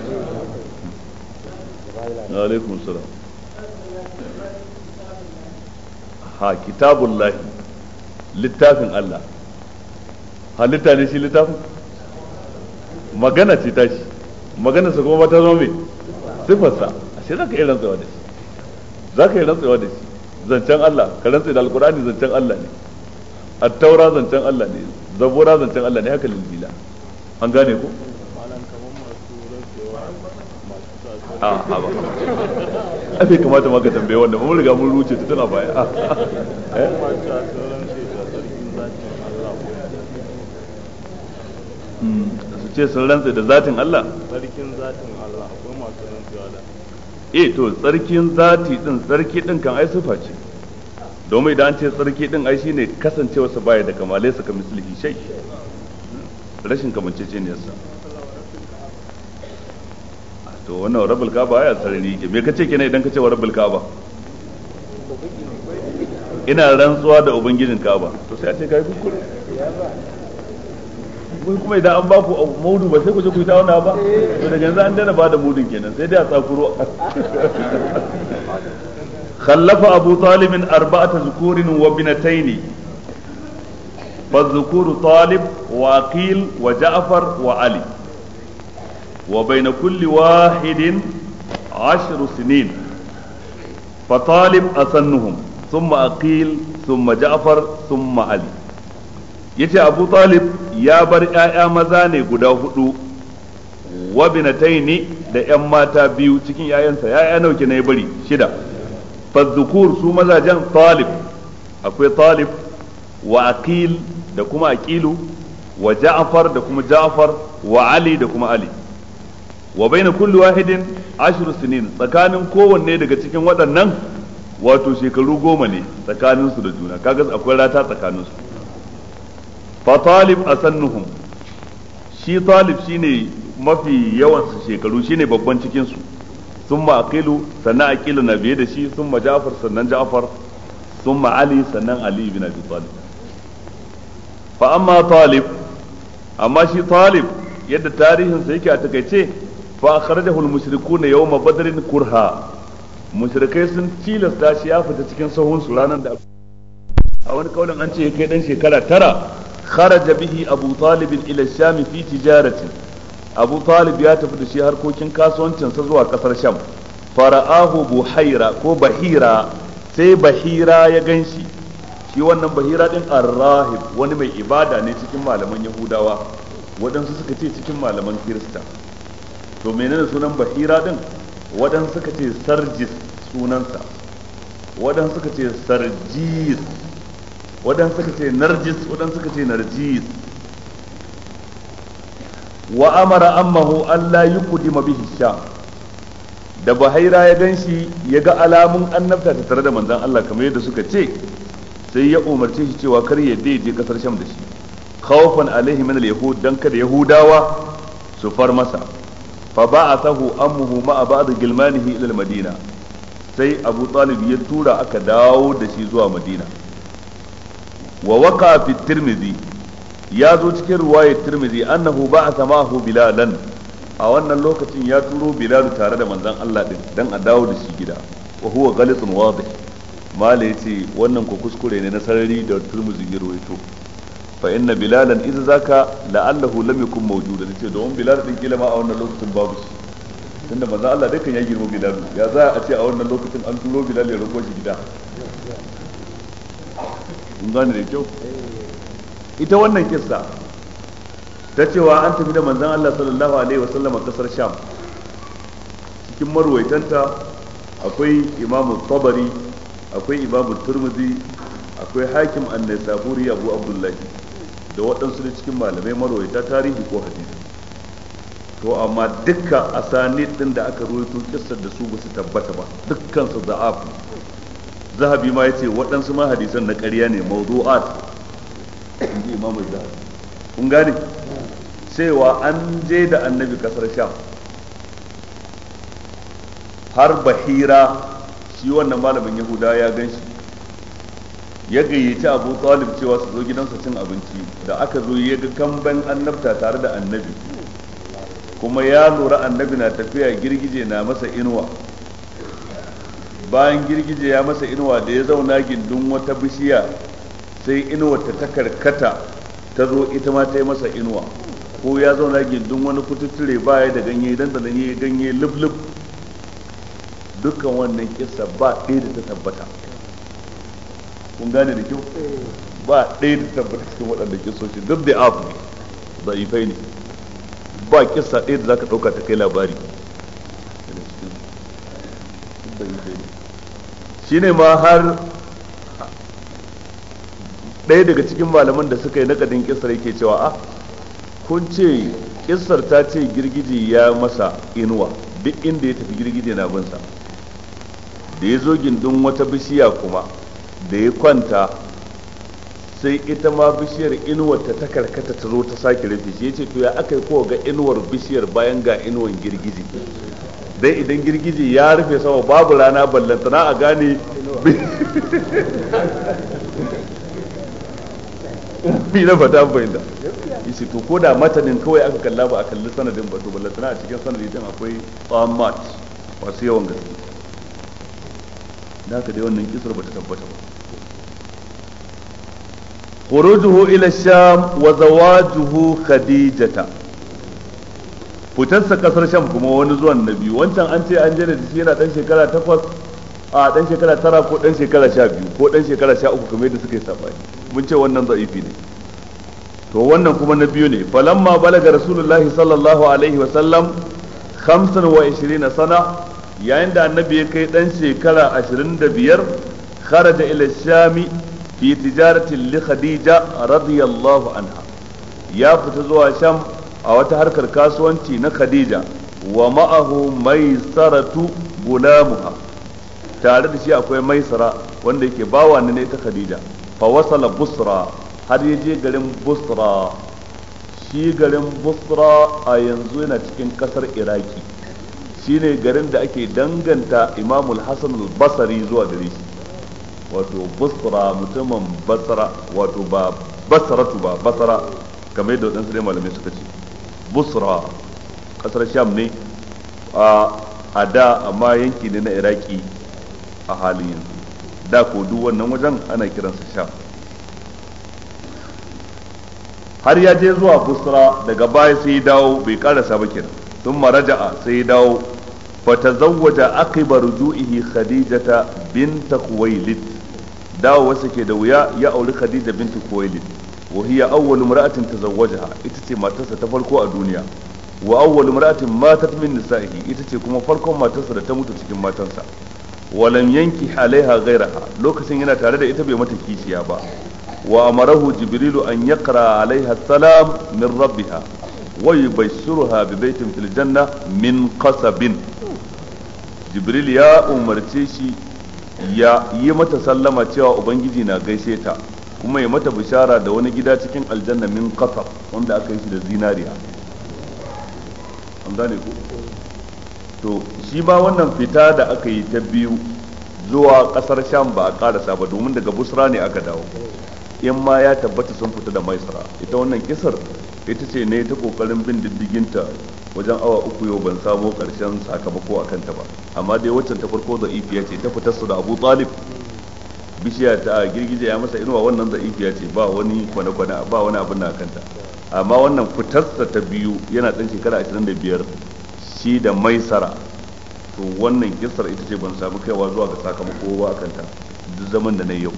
S2: alaikum
S3: salam ha kitabun lahi littafin Allah halitta ne shi littafin magana ce tashi magana sa kuma ta zama mai sifarsa ashe za ka yi rantsewa da shi za ka yi rantsewa da shi zancen Allah ka rantse da alkurani zancen Allah ne a taura zancen Allah ne zabura zancen Allah ne haka lilbila an gane ko.
S2: a ah, haba abe kamata ma ka tambaye wanda mun riga mun ruce ta tana baya eh?
S1: hmm,
S3: su ce sun rantsa da zatin Allah
S1: sarkin zatin Allah akwai masu rantsuwa da
S3: E, to tsarkin zati din tsarki din kan ai sufa ce domin idan an ce tsarki din ai shine kasancewarsa baya da kamalai saka mislihi shai rashin ce ne yasa to wannan rabbul ka'aba ya sarari ke, me kace kenan idan kace wa rabbul ka'aba ina rantsuwa da ubangijin ka'aba to sai a ce kai kuskure kun kuma idan an baku maudu ba sai ku je ku yi ta wannan ba to daga yanzu an daina ba da mudun kenan sai dai a tsakuro خلف أبو طالب أربعة ذكور وابنتين فالذكور طالب وعقيل وجعفر وعلي وبين كل واحد عشر سنين فطالب أسنهم ثم أقيل ثم جعفر ثم علي yace abu talib ya bar 'ya'ya maza ne guda hudu wabinatai ne da 'yan mata biyu cikin 'ya'yansa 'ya'ya nauke na ya bari shida fazzukur su mazajen talib akwai talib wa aqil da kuma aqilu wa ja'far da kuma ja'far wa ali da kuma ali wa baina kulli wahidin ashru sinin tsakanin kowanne daga cikin waɗannan wato shekaru goma ne tsakanin su da juna kaga akwai rata tsakanin su fa talib asannuhum shi talib shine mafi yawan su shekaru shine babban cikin su thumma aqilu sannan aqilu na biye da shi summa ja'far sannan ja'far summa ali sannan ali ibn abi talib fa amma talib amma shi talib yadda tarihinsa yake a takaice fa akhrajahu al-mushrikuna yawma badrin kurha mushrikai sun tilasta shi ya fita cikin sahun su ranar da a wani kaulin an ce ya kai dan shekara tara kharaja bihi abu talib ila sham fi tijaratin abu talib ya tafi da shi harkokin kasuwancin sa zuwa kasar sham fara'ahu buhaira ko bahira sai bahira ya ganshi shi wannan bahira din arrahib wani mai ibada ne cikin malaman yahudawa waɗansu suka ce cikin malaman kirista to menene sunan bahira din waɗansu suka ce sarjis sunansa waɗansu suka ce sarjis waɗansu suka ce narjis waɗansu suka ce narjis wa amara ammahu Allah yuqdima bihi sha da bahaira ya ganshi ya ga alamun annabta ta tare da manzon Allah kamar yadda suka ce sai ya umarce shi cewa kar ya je kasar sham da shi khawfan alaihi min al-yahud dan kada yahudawa su far masa fa ba'athahu a ba da gilmanihi ila madina sai abu talib ya tura aka dawo da shi zuwa madina wa waka fi tirmidhi ya zo cikin ruwayar tirmidhi annahu ba'atha ma'ahu bilalan a wannan lokacin ya turo bilal tare da manzan Allah ɗin, dan a dawo da shi gida wa huwa ghalisun wadih ya yace wannan ku kuskure ne na sarari da tirmidhi ya ruwaito fa inna bilalan idza zaka la'allahu lam yakun mawjudan yace don bilal din kila ma a wannan lokacin babu shi tunda Allah dukkan ya girma bilal ya za a ce a wannan lokacin an turo bilal ya rago shi gida kun gane da kyau ita wannan kissa ta cewa an tafi da manzon Allah sallallahu alaihi wasallam a kasar Sham cikin marwaitanta akwai imamu tabari akwai imamu turmuzi akwai hakim an-nisaburi abu abdullahi da waɗansu da cikin malamai marwaita tarihi ko hadisi to amma dukkan asani ɗin da aka ruwaito kissar da su basu tabbata ba dukkan su za'af zahabi ma yace waɗansu ma hadisan na ƙarya ne mawdu'at inji imamu zahabi kun gane cewa an je da annabi kasar sham har bahira shi wannan malamin yahuda ya ganshi. ya gayyaci abu talib cewa su zo gidansa cin abinci da aka zo ya ga kamban annabta tare da annabi kuma ya lura annabi na tafiya girgije na masa inuwa bayan girgije ya masa inuwa da ya zauna gindin wata bishiya sai inuwa ta ta karkata ta zo ita ma ta yi masa inuwa ko ya zauna gindin wani kututture baya da ganye dan da ganye ganye lub dukkan wannan kisa ba ɗaya da ta tabbata kun gane da kyau ba ɗaya da tabbata cikin waɗanda soci duk da abu da ifai ne ba kisa ɗaya da zaka ɗauka ta kai labari shi ne ma har ɗaya daga cikin malaman da suka yi nakadin kisar yake cewa a ah, kun ce kisar ta ce girgije ya masa inuwa duk inda ya tafi girgije na binsa da ya zo gindin wata bishiya kuma da ya kwanta sai ita ma bishiyar inuwar ta ta karkata ta zo ta sake rufe shi yace to ya aka yi kowa ga inuwar bishiyar bayan ga inuwar girgije dai idan girgije ya rufe sama babu rana na a gane bi na fata fahimta yace to ko da matanin kawai aka kalla ba a kalli sanadin ba to ballantana a cikin sanadin din akwai mat masu yawan gaske da haka dai wannan kisar ba ta tabbata ba khurujuhu ila sham wa zawajuhu khadijata fitarsa kasar sham kuma wani zuwan na biyu wancan an ce an je da shi yana dan shekara takwas a dan shekara tara ko dan shekara sha biyu ko dan shekara sha uku mun ce wannan ne to wannan kuma na biyu ne falamma balaga rasulullahi sallallahu alaihi wa sallam 25 sana yayin da annabi ya kai dan shekara 25 kharaja ila shami fi tijaratin li khadija radiyallahu anha ya fita zuwa sham a wata harkar kasuwanci na khadija wa ma'ahu maisaratu gulamuha tare da shi akwai maisara wanda yake bawa ne ta khadija fa wasala busra har ya je garin busra shi garin busra a yanzu yana cikin kasar iraki shine garin da ake danganta imamul hasan al-basri zuwa gare shi wato basra mutumin basra wato ba basaratu ba basra kamar yadda wadansu dai malamai suka ce busra kasar sham ne a da amma yanki ne na iraki a halin yanzu da ko duk wannan wajen ana kiransa sham har ya je zuwa busra daga baya sai ya dawo bai karasa ba kenan sun maraja'a sai ya dawo fatazawwaja aqiba ruju'ihi khadijata binta khuwailid dawowarsa ke da wuya ya auri khadija bintu khuwailid wa hiya awwal imra'atin tazawwajaha ita ce matarsa ta farko a duniya wa awwal imra'atin matat min nisa'ihi ita ce kuma farkon matarsa da ta mutu cikin matansa wa lam yanki alaiha ghayraha lokacin yana tare da ita bai mata kishiya ba wa amarahu jibrilu an yaqra alaiha salam min rabbiha wa yubashshiruha bi baitin fil janna min qasabin jibril ya umarce shi ya yi mata sallama cewa ubangiji na gaishe ta kuma ya mata bishara da wani gida cikin aljanna min qasab wanda aka yi shi da zinariya gane ku to shi ba wannan fita da aka yi ta biyu zuwa kasar sham ba a karasa ba domin daga busra ne aka dawo in ma ya tabbata sun fita da maisara ita wannan kisar ita ce ne ta kokarin bin diddiginta wajen awa uku yau ban samo karshen sakamako a kanta ba amma dai waccan ta farko za'ifiya ce ta fitar su da abu talib bishiya ta girgije ya masa inuwa wannan za'ifiya ce ba wani kwane-kwane ba wani abin na kanta amma wannan fitarsa ta biyu yana ɗan shekara 25 shi da maisara to wannan kisar ita ce ban samu kaiwa zuwa ga sakamako ba a kanta duk zaman da na yau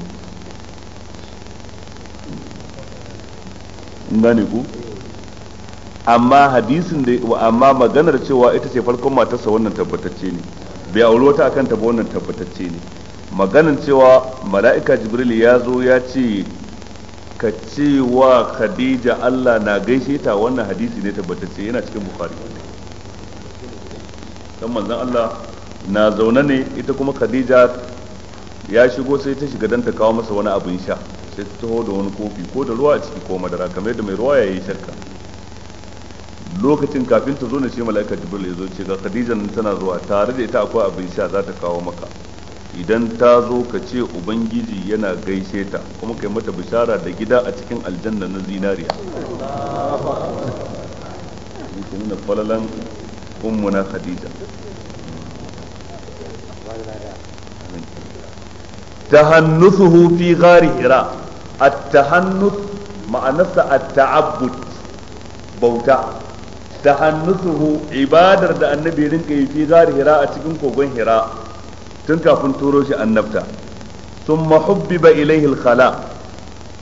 S3: in ku amma hadisin da amma maganar cewa ita ce farkon matarsa wannan tabbatacce ne bai auri wata akan ta ba wannan tabbatacce ne maganar cewa mala'ika jibril ya zo ya ce ka ce wa khadija Allah na gaishe ta wannan hadisi ne tabbatacce yana cikin bukhari dan manzon Allah na zaune ne ita kuma khadija ya shigo sai ta shiga dan ta kawo masa wani abin sha sai ta taho da wani kofi ko da ruwa a ciki ko madara kamar yadda mai ruwa ya yi shakka lokacin kafin ta zo na shi mala'ika jibril ya zo ce ga khadija nan tana zuwa tare da ita akwai abin sha za ta kawo maka idan ta zo ka ce ubangiji yana gaishe ta kuma kai mata bishara da gida a cikin aljanna na zinariya yake nuna falalan na khadija tahannuthu fi ghari hira at-tahannuth ma'anarsa at-ta'abbud bauta da hannusuhu ibadar da annabi rinka yi fi zari hira a cikin kogon hira tun kafin turo shi annabta sun hubbiba ba khala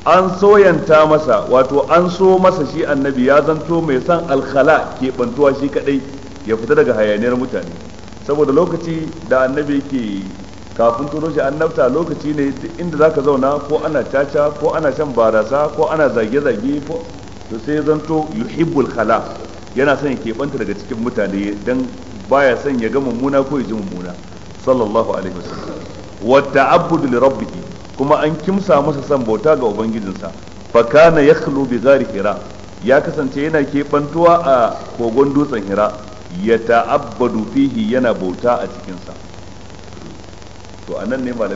S3: an soyanta masa wato an so masa shi annabi ya zanto mai son alkhala ke bantuwa shi kadai ya fita daga hayaniyar mutane saboda lokaci da annabi ke kafin turo shi annabta lokaci ne inda zaka zauna ko ana caca ko ana shan barasa ko ana zage-zage ko to sai zanto yuhibbul khala yana son ya keɓanta daga cikin mutane dan baya son ya ga mummuna ko ya ji mummuna sallallahu alaihi wasallam wa ta'abbudu li kuma an kimsa masa son bauta ga ubangijinsa fa kana yakhlu bi zari hira ya kasance yana keɓantuwa a kogon dutsen hira ya ta'abbadu fihi yana bauta a cikinsa to anan ne